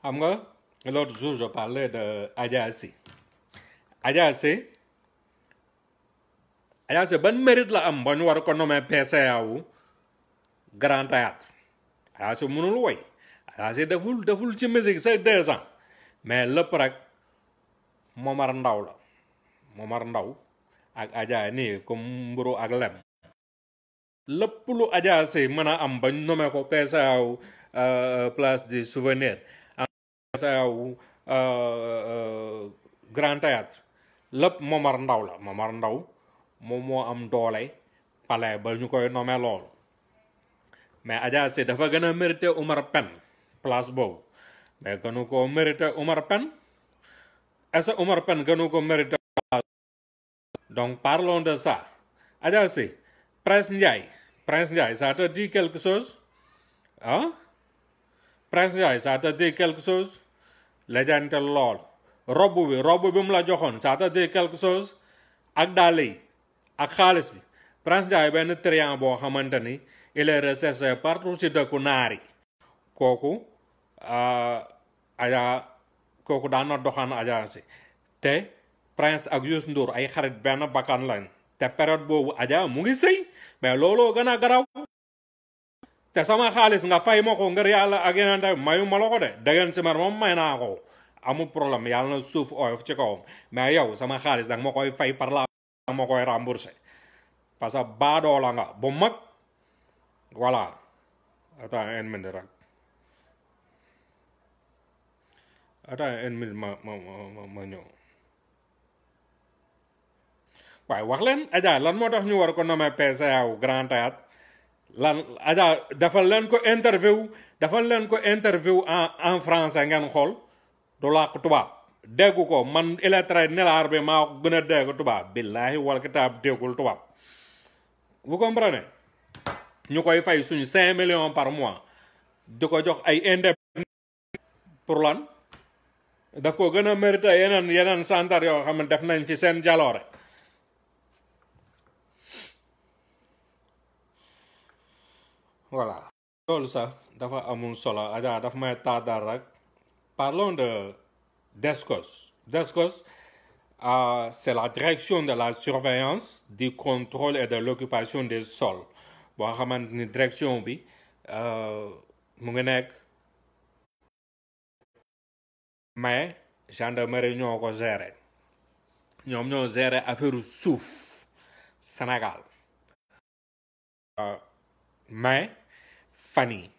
[SPEAKER 1] xam nga L'autre jour, je parlais de Ayaase. Ayaase ban mérite la am ba ñu war ko nommer PCA wu Grand Théâtre Ayaase mënul woy Ayaase deful deful ci musique c'est deux ans mais lépp rek Momar Ndaw la Momar Ndaw ak Adja nii comme mburu ak lem lépp lu mën a am ba ñu nommer ko PCA wu euh, Place du Souvenir ao Grand Théâtre lépp Momar Ndao la Momar Ndao moom moo am doole palais ba ñu koy nommé lool mais Adja Sy dafa gën a mérité Umar Pen place boobu mais gënu ko mérité Umar Pen est-ce que Umar Pen gënu ko mérité donc parlons de ça Adja Sy Prince Ndiaye Prince Ndiaye ça te dit quelque chose président yi ça te dit quelque chose lejante lool robb bi robb bi mu la joxoon ça te dit quelque chose ak dàll yi ak xaalis bi président yi benn trian boo xamante ni il est recherché partout ci dëkku naar yi kooku ah, aja kooku daan na doxaan agence yi te Prince ak Youssou Ndour ay xarit benn bakkan lañ te période boobu aja mu ngi sëy mais looloo gën a garaw te sama xaalis nga fay ma ko ngir yàlla ak yeneen te mayu ma la ko de dangeen ci mar moom may naa ko amul problème yàlla na suuf oyof ci kawam mais yow sama xaalis danga ma koy fay par la ma koy remboursé parce que baadoo la nga bu mag voilà attends une minute rek attends une minute ma ma ma ma ñëw waaye wax leen Adja lan moo tax ñu war ko nommé PCA wu Grand Théâtre lan aja defal leen ko interview defal leen ko interview en en français ngeen xool du làkk tubaab déggu ko man illettré nelaar bi maa ko gën a dégg tubaab billaahi wal kitaab déggul tubaab vous comprenez ñu koy fay suñu cinq millions par mois di ko jox ay indépendant pour lan daf ko gën a mérité yeneen yeneen santar yoo xam ne def nañ ci seen jaloore voilà loolu sax dafa amul solo Adja dafa may taadal rek parlons de DSCOS DSCOS euh, c'est la direction de la surveillance du contrôle et de l'occupation des sols boo xamante ni direction bi euh, mu ngi nekk mais gendarmerie ñoo ko gérer ñoom ñoo gérer affaire suuf Sénégal euh, mais fan yi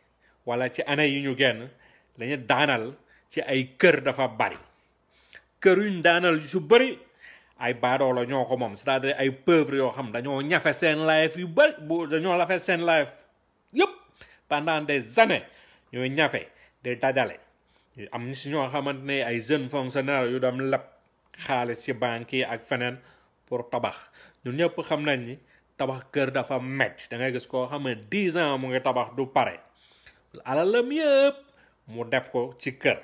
[SPEAKER 1] wala ci année yi ñu génn dañu daanal ci ay kër dafa bari kër yuñ daanal su bëri ay baadoo la ñoo ko moom c'est-à-dire ay pauvres yoo xam dañoo ñafe seen life yu bëri bu dañoo lafe seen life yëpp pendant des années ñooy ñafe di dajale am ni si ñoo xamante ne ay jeunes fonctionnaires yu dem leb xaalis ci banque yi ak feneen pour tabax ñun ñëpp xam nañ ni tabax kër dafa métti da ngay gis koo xam ne dix ans mu ngi tabax du pare alalam yëpp mu def ko ci kër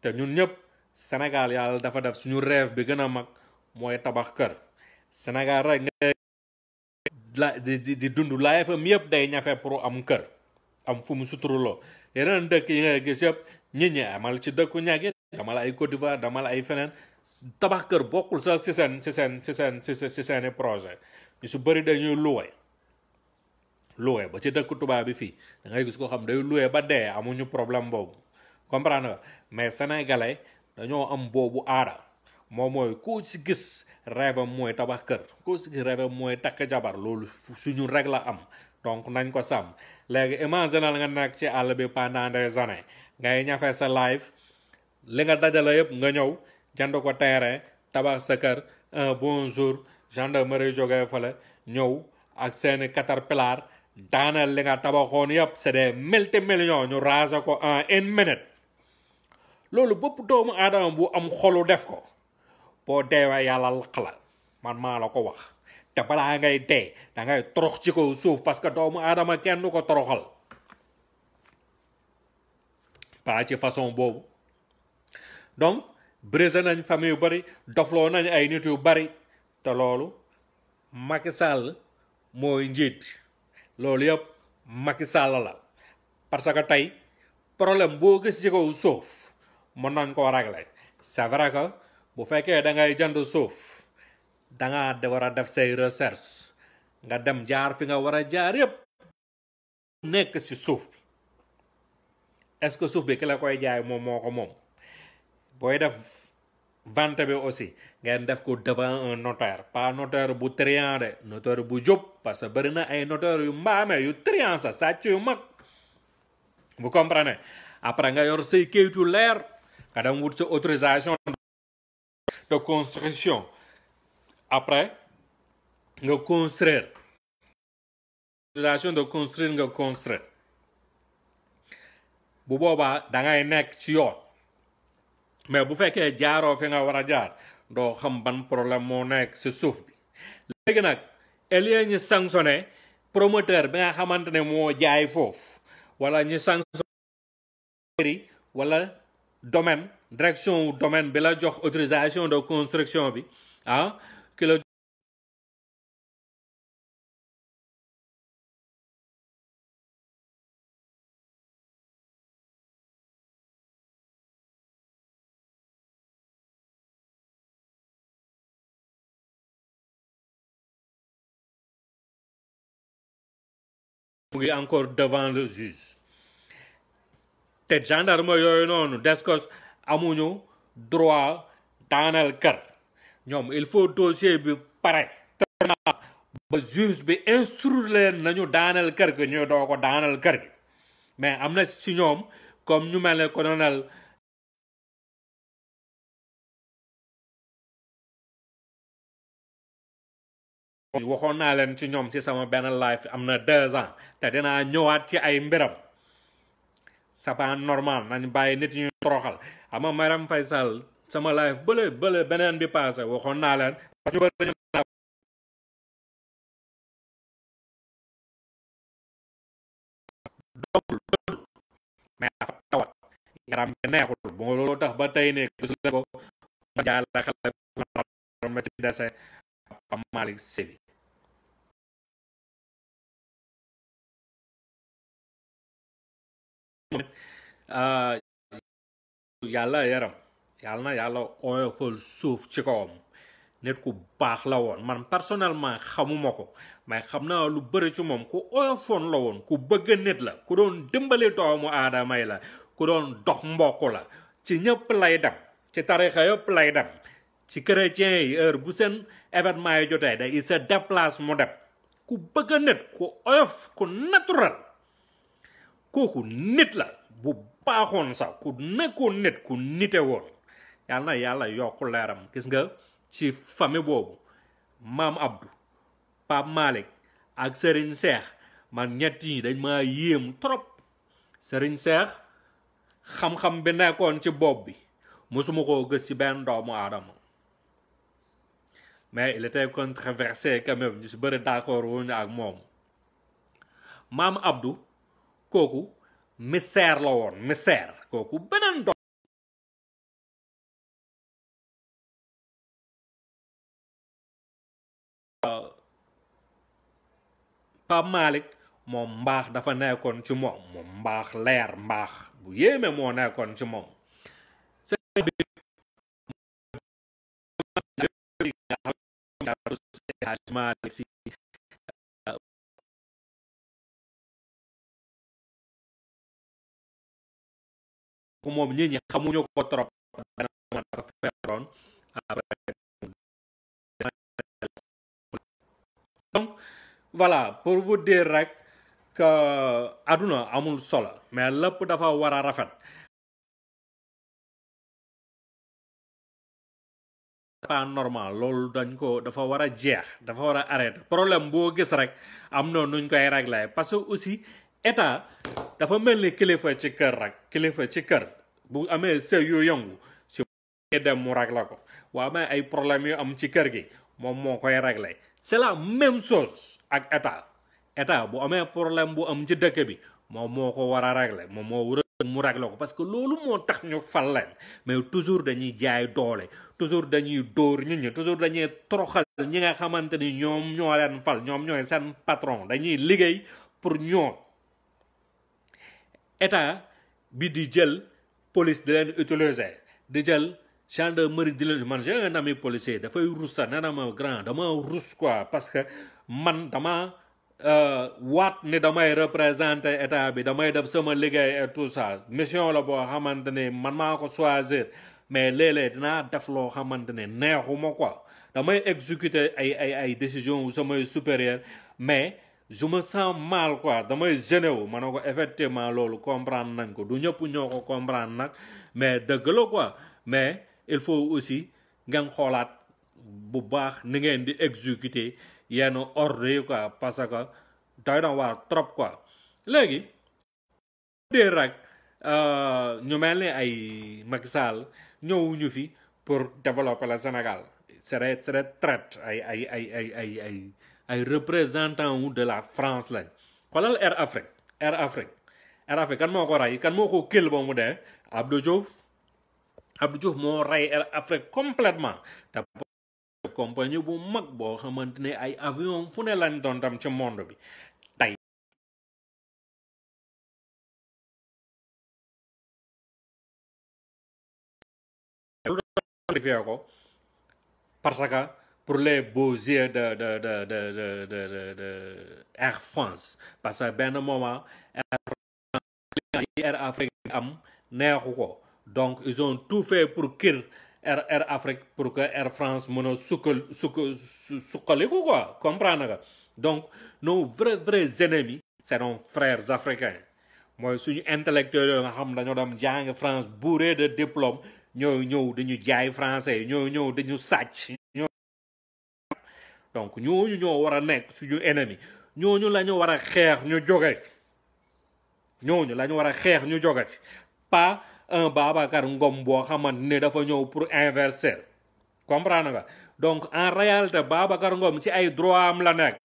[SPEAKER 1] te ñun ñëpp Sénégal yàlla dafa def suñu rêve bi gën a mag mooy tabax kër Sénégal rek nga di di dund laay fam yëpp day ñafe pour am kër am fu mu suturuloo yeneen dëkk yi nga gis yëpp nit ñi amal ci dëkku ñag yi dama la ay Côte d'Ivoire dama la ay feneen tabax kër bokkul sax si seen si seen si seen si seeni projet su bëri dañuy luwe luwe ba ci dëkk tubaab bi fii da ngay gis ko xam day luwe ba dee amuñu problème boobu comprendre mais sénégalais dañoo am boobu aada moo mooy ku si gis rêvam mooy tabax kër mooy takk jabar loolu suñu rek la am donc nañ ko sàmm léegi imaginer nga nekk ci àll bi pendant des années ngay ñafe sa life li nga dajale yëpp nga ñëw jand ko terrain tabax sa kër un bon jour gendarmerie jógee fale ñëw ak seeni caterpillar daaneel li nga tabaxoon yëpp c'est des ñu rase ko en une minute loolu bëpp doomu aadama bu am xolu def ko boo deewee yàlla laq la man maa la ko wax te balaa ngay dee da ngay torox ci kaw suuf parce que doomu adama kenn du ko toroxal pas ci façon boobu donc brisé nañ famille yu bari dofloo nañ ay nit yu bari te loolu Macky Sall mooy njiit loolu yëpp Macky Sall la parce que tey problème boo gis ci kaw suuf mën nañ koo rag c'est vrai que bu fekkee da ngay jënd suuf da nga war a def say recherche nga dem jaar fi nga war a jaar yëpp nekk ci suuf bi est-ce que suuf bi ki la koy jaay moom moo ko moom booy def vente bi aussi ngeen def ko devant un notaire pas notaire bu trian de notaire bu jub parce que bëri na ay notaire yu mbaame yu trian sa sàcc yu mag bu comprenez après nga yor say kayitu leer nga dem wut sa autorisation de construction après nga construire de construire nga construire bu boobaa da ngay nekk ci yoon mais bu fekkee jaaroo fi nga war a jaar doo xam ban problème moo nekk si suuf bi léegi nag elie ñi sanctionné promoteur bi nga xamante ne moo jaay foofu wala ñi sanctionné wala domaine direction domaine bi la jox autorisation de
[SPEAKER 2] construction bi ah mu ngi encore devant le juge
[SPEAKER 1] te gendarme yooyu noonu DSCOS amuñu droit daanal kër ñoom il faut dossier bi pare ba juge bi instruire leen nañu daanal kër gi ñu doo ko daanal kër gi mais am na si ñoom
[SPEAKER 2] comme ñu mel ne colonel waxoon naa leen ci ñoom ci
[SPEAKER 1] sama benn live am na deux te dinaa ñëwaat ci ay mbiram c'est pas normal nañ bàyyi nit ñu toroxal ama Marième Faye Sall sama live bële bële
[SPEAKER 2] beneen bi passé waxoon naa leen mais dafa tawat yaram bi neexul bon loolu tax ba tey ne gis nga ko jaay la xel ma ci dese Malick Sébi Uh, yàlla yaram yàlla na yàlla suuf
[SPEAKER 1] ci kawam nit ku baax la woon man personnellement xamuma ko may xam naa lu bëri ci moom ku oyofoon la woon ku bëgg nit la ku doon dimbali doomu aadama la ku doon dox mbokk la ci ñëpp lay dem ci tarixa yëpp lay dem ci chrétiens yi heure bu seen événement yi jotee day se déplace mu dem ku bëgg nit ku oyof ku naturel kooku nit la bu baaxoon sax ku nekkoon nit ku nite woon yal na yàlla yokk leeram gis nga ci famille boobu maam Abdou Pape Malick ak sëriñ seex man ñetti yi dañ maa yéem trop sëriñ seex xam-xam bi nekkoon ci bopp bi mosuma koo gës ci benn doomu aadama mais il était controversé quand même ñu si bëri d'accord wuñu ak
[SPEAKER 2] moom maam Abdou kooku Misère la woon Misère kooku beneen dox euh,
[SPEAKER 1] Pape Malick moom mbaax dafa nekkoon ci moom moom mbaax leer mbaax
[SPEAKER 2] bu yéeme moo nekkoon ci moom ku moom nit ñi xamuñu ko donc voilà pour vous dire rek que amul solo mais lépp dafa war a rafet pas normal loolu dañ ko dafa war jeex dafa war a problème boo gis rek
[SPEAKER 1] am na nuñ koy régler parce que aussi état dafa mel ni kilifa ci kër rek kilifa ci kër bu amee sëy yu yongu ci dem mu rek ko bu amee ay problème yu am ci kër gi moom moo koy réglé c'est la même chose ak état état bu amee problème bu am ci dëkk bi moom moo ko war a réglé moom moo war mu réglé ko parce que loolu moo tax ñu fal leen mais toujours dañuy jaay doole toujours dañuy dóor nit ñi toujours dañuy toroxal ñi nga xamante ni ñoom ñoo leen fal ñoom ñooy seen patron dañuy liggéey pour ñoom état bi di jël police di leen utiliser di jël gendarmerie di leen man j'ai nami ami policier dafay rus sa nee na ma grand dama rus quoi parce que man dama euh, waat ni damay représenter état bi damay def sama liggéey et tout ça mission la boo xamante ne man maa ko choisir mais léeg-léeg dinaa def loo xamante ne neexuma quoi damay exécuter ay ay ay décision wu samay supérieur mais je me sens mal quoi damay gêné wu ma ne ko effectivement loolu comprendre nañ ko du ñëpp ñoo ko comprendre nag mais dëgg la quoi mais il faut aussi ngeen xoolaat bu baax ni ngeen di exécuter yenn ordre yi quoi parce que doy na waar trop quoi léegi dee rek euh, mel ni ay Macky Sall ñëwuñu fi pour développer la Sénégal c'est c'est ay ay ay ay ay ay ay représentant wu de la France lañ xoolal Air Afrique Air Afrique Air Afrique kan moo ko rey kan moo ko këll ba mu dee Abdou Diouf Abdou moo rey Air Afrique complètement
[SPEAKER 2] compagnie bu mag boo xamante ne ay avion fu ne lañ doon tam ci monde bi tey pour les beaux yeux de de de de
[SPEAKER 1] Air France parce que benn moment Air Afrique am neexu ko donc ils ont tout fait pour kir Air Air Afrique pour que Air France mën a sukkal sukka sukkaliku quoi comprendre nga donc nos vrais vrais ennemis c'est nos frères africains mooy suñu intellectuels yoo nga xam dañoo dem jàng France bourré de diplôme ñoo ñëw dañu jaay français ñoo ñëw dañu sàcc donc ñooñu ñoo war a nekk suñu ennemi ñooñu la ñu war a xeex ñu jóge fi ñooñu la war a xeex ñu jóge fi pas un Babacar Ngom boo xamante ne dafa ñëw pour inverser comprendre nga donc en réalité Babacar Ngom ci ay droit am la nekk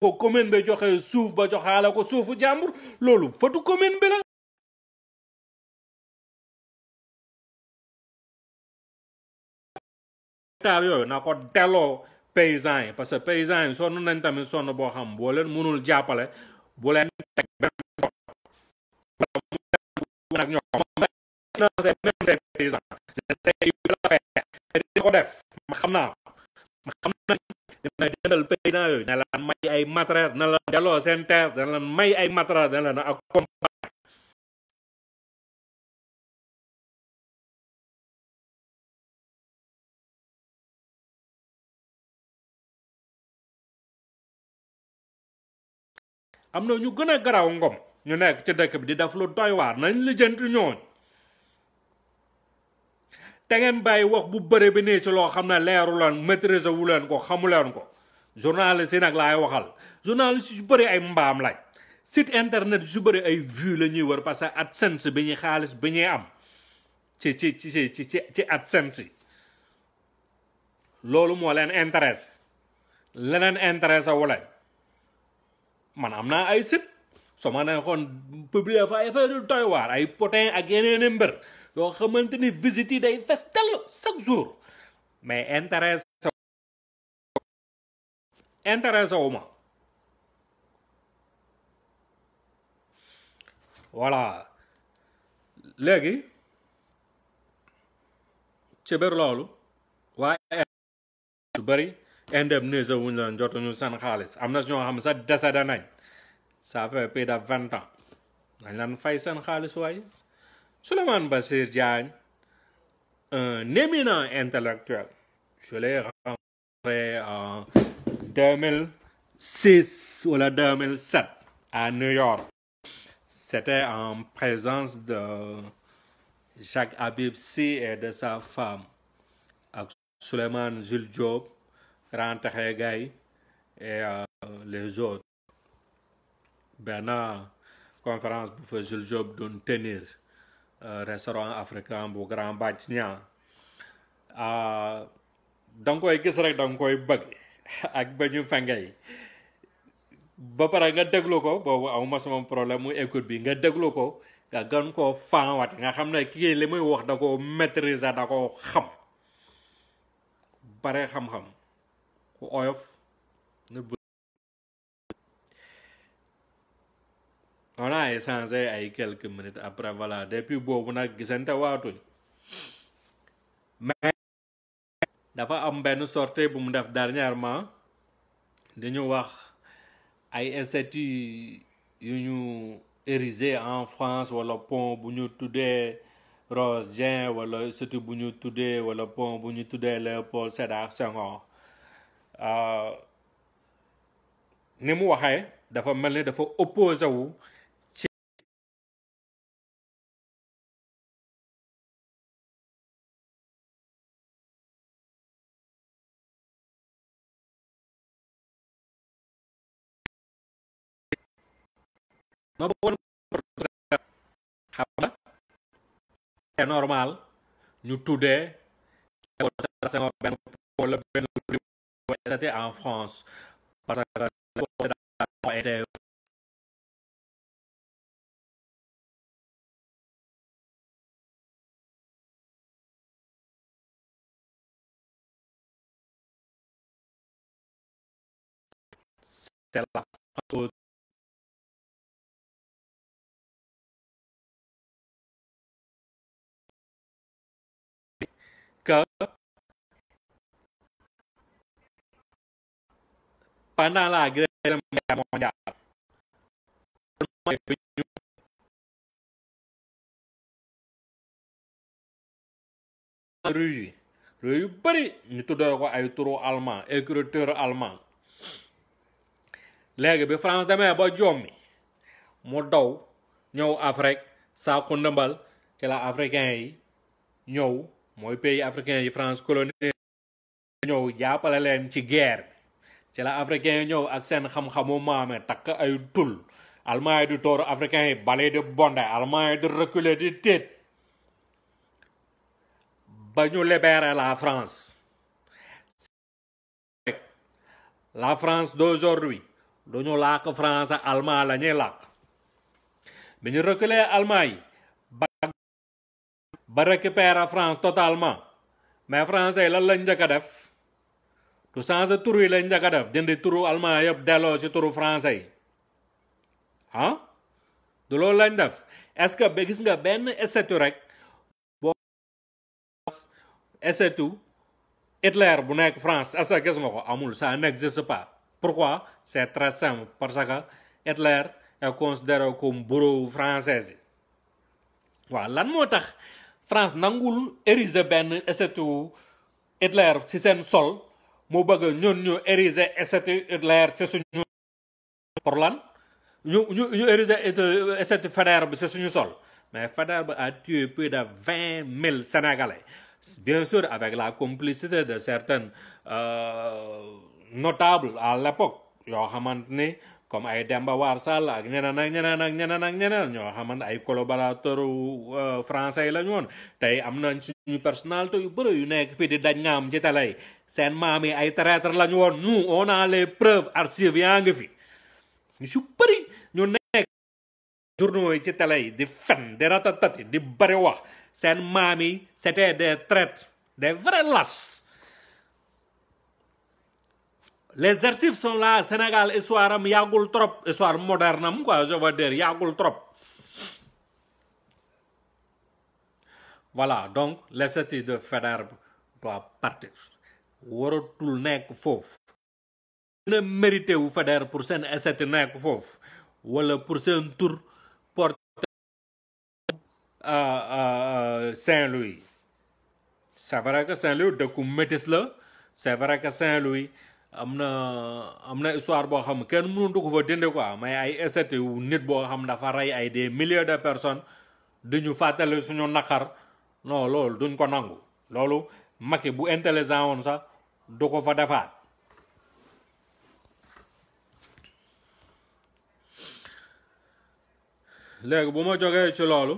[SPEAKER 2] ko commune bi joxe suuf ba joxaale ko suufu jàmbur loolu fatu commune bi la hectares yooyu na ko delloo paysans yi parce que paysans yi sonn nañ tamit
[SPEAKER 1] sonn boo xam boo leen mënul jàppale bu leen teg benn
[SPEAKER 2] ñoo ko def ma xam naa ma xam nañ dina jëndal paysans yooyu na leen may ay matériel dina leen delloo seen terre dina leen may ay matériel dina leen accompagner am na ñu gën a garaaw ngom ñu nekk ci dëkk bi di def lu
[SPEAKER 1] doy waar nañ lijjanti ñooñ te ngeen bàyyi wax bu bëre bi nii si loo xam ne leeru leen maîtriser wu leen ko xamu leen ko journaliste yi nag lay waxal journaliste yu bëri ay mbaam lañ site internet yu bari ay vue la ñuy wër parce que AdSense bi ñuy xaalis bi ñuy am ci ci ci ci ci ci AdSense yi loolu moo leen intéresse leneen intéresse wu leen man am naa ay site su ma nekkoon publier fa ay affaire doy waar ay potin ak yeneen i mbër yoo xamante ni visite yi day fes dell chaque jour mais intéressé intéressé wu ma voilà léegi ci loolu waaye su bëri indemnisé wuñ leen jotuñu seen xaalis am na si ñoo xam sax décédé nañ ça fait plus de vingt ans nañ leen fay sen xaalis waaye Souleymane Bassir Diagne un éminent intellectuel je l'ai rencontré en 2006 wala 2007 à New York c'était en présence de Jacques Habib Sy et de sa femme ak Jules Diop Rantahe et euh, les autres. Bernard, euh, conférence bu fa Jules Job doon tenir euh, restaurant africain bu Grand Bathia euh, da koy gis rek da nga koy bëgg ak ba ñu fengey ba pare nga déglu ko boobu aw ma problème mu écoute bi nga déglu ko nga gën koo fanwat nga xam ne kii li muy wax da koo maîtriser da koo xam bare xam-xam off on a échangé ay quelques minutes après voilà depuis boobu nag gisante waatuñ mais dafa am benn sortie bu mu def dernièrement dañu wax ay institut yu ñu érigé en France wala pont bu ñu tuddee Rose Dieng wala institut buñu ñu tuddee wala pont bu ñu tuddee Léopold Sédar Senghor
[SPEAKER 2] ni mu waxee dafa mel ni dafa opposé wu ci ma ñu tuddee wala benn était en France. Parce que était la France que pendant la Deuxième Guerre mondiale. yu bëri ñu tuddee ko ay turu allemand écriture allemand
[SPEAKER 1] léegi bi France demee ba jommi mu daw ñëw Afrique saaku ndëmbal ci la africain yi ñëw mooy pays africain yi France colonie ñëw jàppale leen ci guerre ci la africain yi ñëw ak seen xam-xamu maame takk ay tul allemand yi di tóor africain yi bale di bonde allemand di reculer di téet ba ñu libérer la France la France d'aujourd'hui du ñu làkk français allemand la ñuy làkk bi ñu reculer allemand yi ba ba récupérer France totalement mais français lan lañ njëkk a def du changé tur yi lañ njëkk a def dindi turu allemand yëpp delloo ci turu français yi ah? du loolu lañ def est-ce que gis nga benn statut rek boo statut Hitler bu nekk France est-ce gis nga ko amul sa n'existe pas pourquoi c'est très simple parce que Hitler est considéré comme bourreau français yi waaw lan moo tax France nangul ériger benn statut Hitler ci seen sol mu bëgg ñun ñu ériger statut leer ci lan ñu ñu ñu ériger bi ci suñu sol mais Faidherbe a tué plus de vingt mille sénégalais bien sûr avec la complicité de certains euh, notables à l'époque yoo xamante ni comme ay Demba War Sall ak ñeneen ak ñeneen ak ñeneen ak ñeneen ñoo xamante ay collaborateur euh, français la ñu woon tey am nañ suñu personnalité yu bëri yu nekk fii di daj nga am ci télé seen maam yi ay traître lañu woon nous on a les yaa ngi fi ñu su bëri ñu nekk journaux yi ci télé yi di fen di ratatati di bari wax seen maam yi c'était des traîtres des vrais las les archives sont là Sénégal histoire am yàggul trop histoire moderne am quoi je veux dire yàggul trop voilà donc les archives de Faidherbe doivent partir waratul nekk foofu dina mérité pour seen statut nekk foofu wala pour seen tour porté Saint-Louis c'est vrai que dëkku métis la c'est vrai que Saint-Louis am na am na histoire boo xam kenn mënundu ko fa dindi quoi mais ay statut nit boo xam dafa rey ay des milliers de personnes duñu fàttali suñu naqar non loolu duñ ko nangu loolu Macky bu intelligent woon sax du ko fa defaat léegi bu ma jógee ci loolu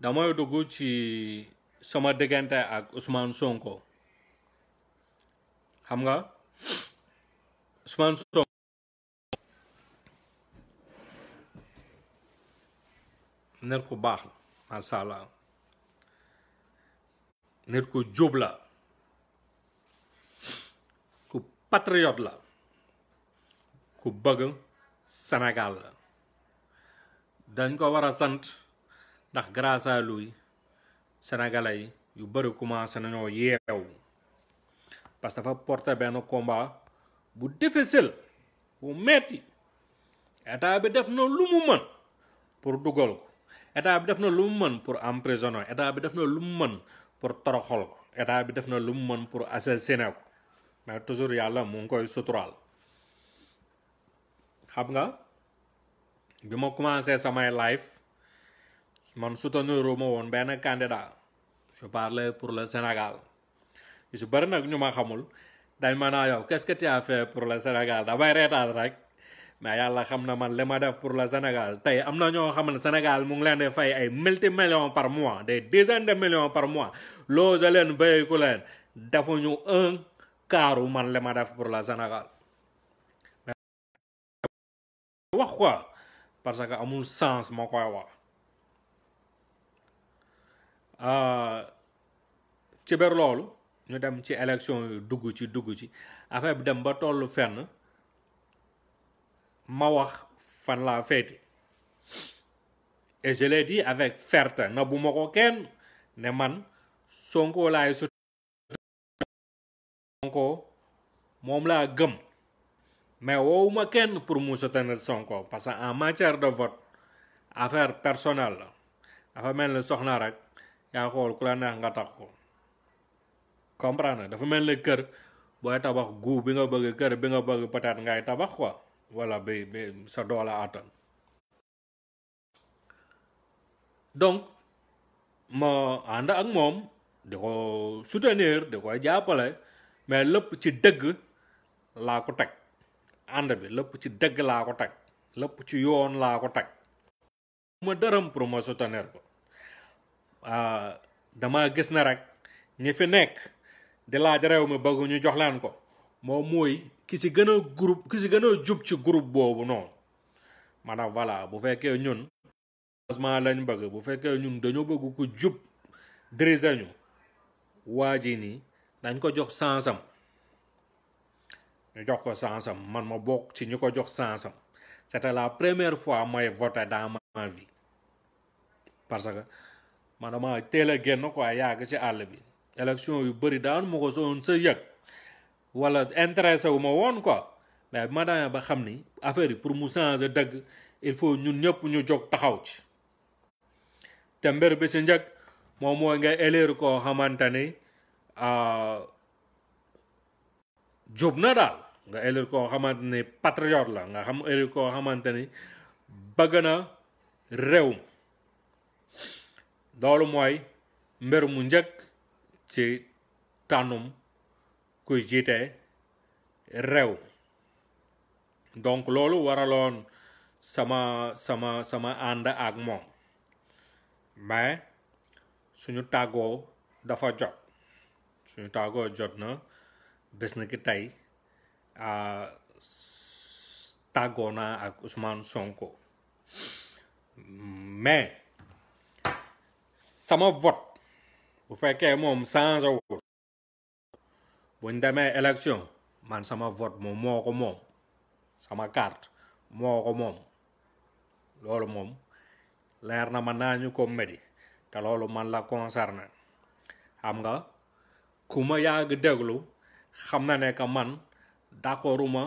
[SPEAKER 1] damay dugg ci sama diggante ak Ousmane Sonko xam nga Ousmane Sonko nit ku baax la macha allah nit ku jub la ku patriote la ku bëgg Sénégal la dañ ko war a sant ndax grâce à lui yi yu bëri commencé nañoo yeewu parce que dafa benn combat bu difficile bu metti état bi def na lu mu mën pour dugal ko état bi def na lu mu mën pour emprisonner état bi def na lu mu mën pour toroxal ko état bi def na lu mu mën pour assassiner ko mais toujours yàlla mu ngi koy suturaal xam nga bi ma commencé samay live man soutenir ma woon benn candidat je parlais pour le Sénégal su bëri nag ñu ma xamul dañ ma naa yow qu'est-ce que tu fait pour le Sénégal damay reetaan rek mais yàlla xam na man li ma def pour la Sénégal tey am na ñoo xam ne Sénégal mu ngi leen di fay ay multi millions par mois des dizaines de millions par mois loo a leen véhiculer leen defuñu un quart man li ma def pour le Sénégal wax ko parce que amul sens moo koy wax euh, ci biir loolu ñu dem ci élection yu dugg ci dugg ci affaire bi dem ba tollu fenn ma wax fan laa féete et je l'ai dit avec ferte na bu ma ko kenn ne man Sonko laay sut moom laa gëm mais woowuma kenn pour mu Sonko parce que en matière de vote affaire personnelle la dafa mel ni soxna rek yaa xool ku la neex nga tax ko comprendre dafa mel ni kër booy tabax guu bi nga bëgg kër bi nga bëgg peut ngay tabax quoi walla ba ba sa doole àttan donc ma ànd ak moom di ko soutenir di koy jàppale mais lépp ci dëgg laa ko teg ànd bi lépp ci dëgg laa ko teg lëpp ci yoon laa ko teg ma dërëm pour ma soutenir ko ah, dama gis ne rek ñi fi nekk di laaj réew mi bëgg ñu jox leen ko moom mooy ki si gën a ki si gën a jub ci group boobu noonu maanaam voilà bu fekkee ñun changement lañ bëgg bu fekkee ñun dañoo bëgg ku jub Drissa ñu waa ji nii dañ ko jox sansam ñu jox ko sansam man ma bokk ci ñu ko jox sansam c'était la première fois may voté dans ma vie parce que man dama teel a génn quoi yàgg ci àll bi élection yu bëri daan mu ko soon sa yëg wala intéressé wu ma woon ko mais bi ba xam ni affaire yi pour mu changer dëgg il faut ñun ñëpp ñu jóg taxaw ci te mbër bi si njëkk moom mooy nga élire koo xamante ni euh, jub na daal nga élire ko xamante ni patriote la nga xam élire koo xamante ni bëgg na réew mi loolu mooy mbër mu njëkk ci tànnum kuy jiite réew donc loolu waraloon sama sama sama ànd ak moom mais suñu tàggoo dafa jot suñu tàggoo jot na bés na ki tey tàggoo naa ak usmaan Sonko mais sama vote bu fekkee moom changé buñ demee élection man sama vote moom moo ko moom sama carte moo ko moom loolu moom leer na ma naa ñu ko medi te loolu man la concerné xam nga ku ma yàgg déglu xam na ne que man d'accorduma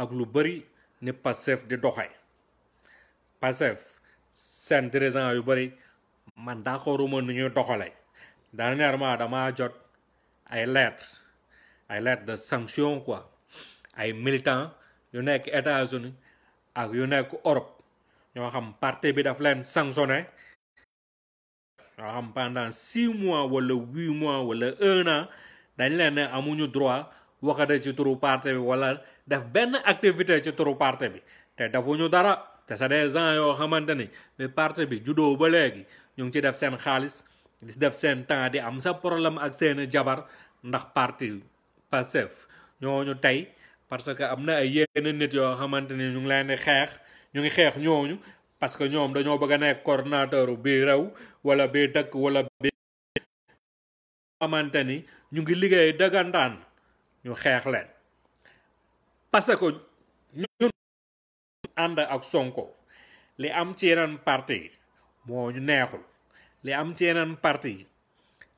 [SPEAKER 1] ak lu bëri ni Pastef di doxee Pastef seen dirigeant yu bëri man d'accorduma ni ñuy doxalee dernièrement dama jot ay lettres ay lettre de sanction quoi ay militants yu nekk États-Unis ak yu nekk Europe ñoo xam parti bi daf leen sanctionné ñoo xam pendant six mois wala huit mois wala un an dañ leen ne amuñu droit waxade ci turu parti bi wala def benn activité ci turu parti bi te defuñu dara te c'est des gens yoo xamante ni bi parti bi juddoo ba léegi ñu ngi ci def seen xaalis di def seen temps di am sa problème ak seeni jabar ndax parti Pastef ñooñu tey parce que am na ay yenn yoo xamante ni ñu ngi leen di ñu ngi xeex ñooñu parce que ñoom dañoo bëgg a nekk coordonnateur bii réew wala bii dëkk wala bii ni ñu ngi liggéey dëggantaan ñu xeex leen parce que ànd ak Sonko li am ci yeneen parti moo ñu neexul li am ci yeneen parti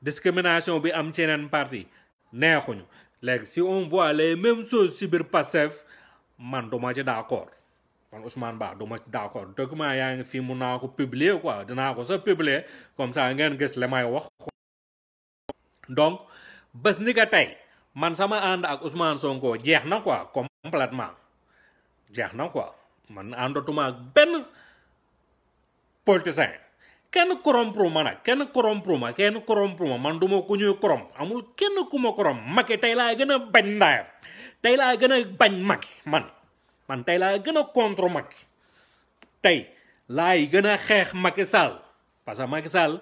[SPEAKER 1] discrimination bi am ci yeneen parti neexuñu léegi si on voit les mêmes choses si biir Pastef man duma ci d'accord man Ousmane Ba duma ci d'accord document yaa ngi fii mun naa ko publier quoi dinaa ko sa publier comme ça ngeen gis la may wax donc bés ni ka tey man sama ànd ak Ousmane sonkoo jeex na quoi complètement jeex na quoi man àndatuma ak benn politicien kenn corrompre ma nag kenn corrompre ma kenn corrompre ma man du ma ku ñuy corrompre amul kenn ku ma corrompre tey laa gën a bañ ndaayam gën a bañ Macky man man tey laa gën a contre Macky tey laay gën a xeex Macky parce que Macky Sall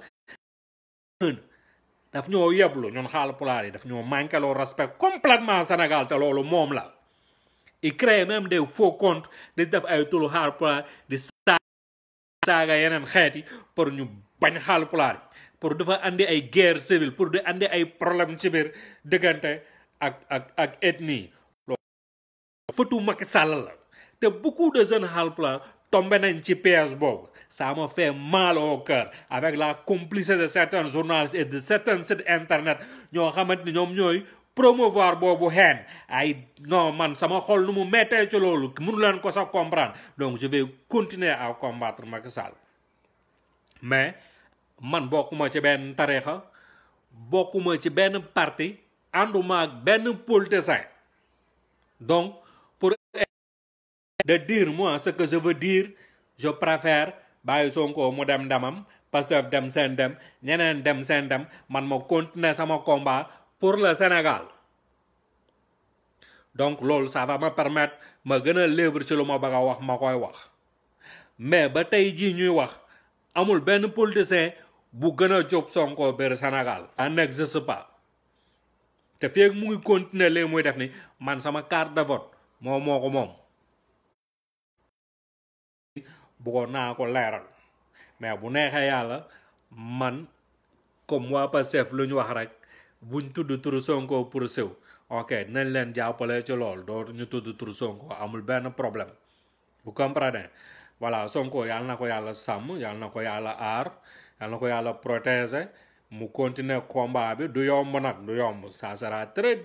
[SPEAKER 1] ñoo yeblu ñun Haalpulaar yi daf ñoo manqué loolu moom la il crée même des faux comptes di def ay tulu Haalpulaar di saaga yeneen xeet yi pour ñu bañ xaal pulaar pour dafa andi ay guerre civile pour di andi ay problème ci biir diggante ak ak ak ethnie loolu fëtu Macky Sall te beaucoup de jeunes xaal pulaar tombe nañ ci piège boobu ça m'a fait mal au cœur avec la complicité de certains journalistes et de certains sites internet ñoo xamante ni ñoom ñooy promouvoir boobu haine ay non man sama xol nu mu mettee ci loolu mënu leen ko sax comprendre donc je vais continuer à combattre Macky Sall mais man bokkuma ci benn tariixa bokkuma ci benn parti ànduma ak benn politicien donc pour de dire moi ce que je veux dire je préfère bàyyi Sonko mu dem demam Pastef dem seen dem ñeneen dem seen dem man ma continuer sama combat pour le Sénégal donc loolu ça ma me ma gën a libre ci lu ma bëgg wax ma koy wax mais ba tey jii ñuy wax amul benn de sin bu gën a jóg Sonko biir Sénégal ça n'existe pas te feeg mu ngi continuer léegi muy def ni man sama carte de vote moom moo ko moom bëggoon naa ko leeral mais bu neexee yàlla man comme waa Pastef lu ñu wax rek bu buñ tudd turu Sonko pour siw ok nañ leen jàppale ci lool doo ñu tudd turu Sonko amul benn problème vous comprenez voilà Sonko yàlla na ko yàlla sàmm yàlla na ko yàlla aar yàlla na ko yàlla protéger mu continuer combat bi du yomb nag du yomb ça sera très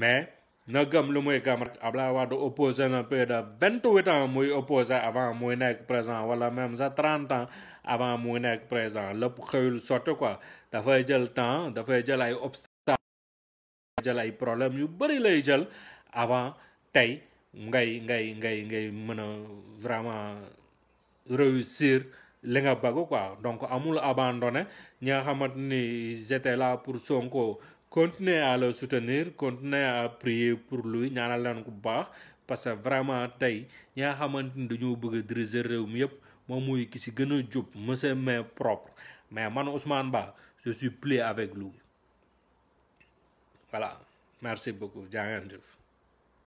[SPEAKER 1] mais nagam lu muy gam rek Abdoulaye Wade opposé na plus de vingt-huit ans muy opposé avant muy nekk président wala même sa trente ans avant muy nekk président lépp xëyul sotti quoi dafay jël temps dafay jël ay obstacle jël ay problème yu bëri lay jël avant tey ngay ngay ngay ngay mën a vraiment réussir li nga bëgg quoi donc amul abandonné ñi nga xamante ni j'étais pour Sonko continuer à le soutenir continuer à prier pour lui ñaanal leen ku baax parce que vraiment tey ñi nga xamante ni dañoo bëgg a réew mi yëpp moom mooy ki si gën a jub monsieur mais propre mais man Ousmane Ba je suis plié avec lu voilà merci beaucoup jaa ngeen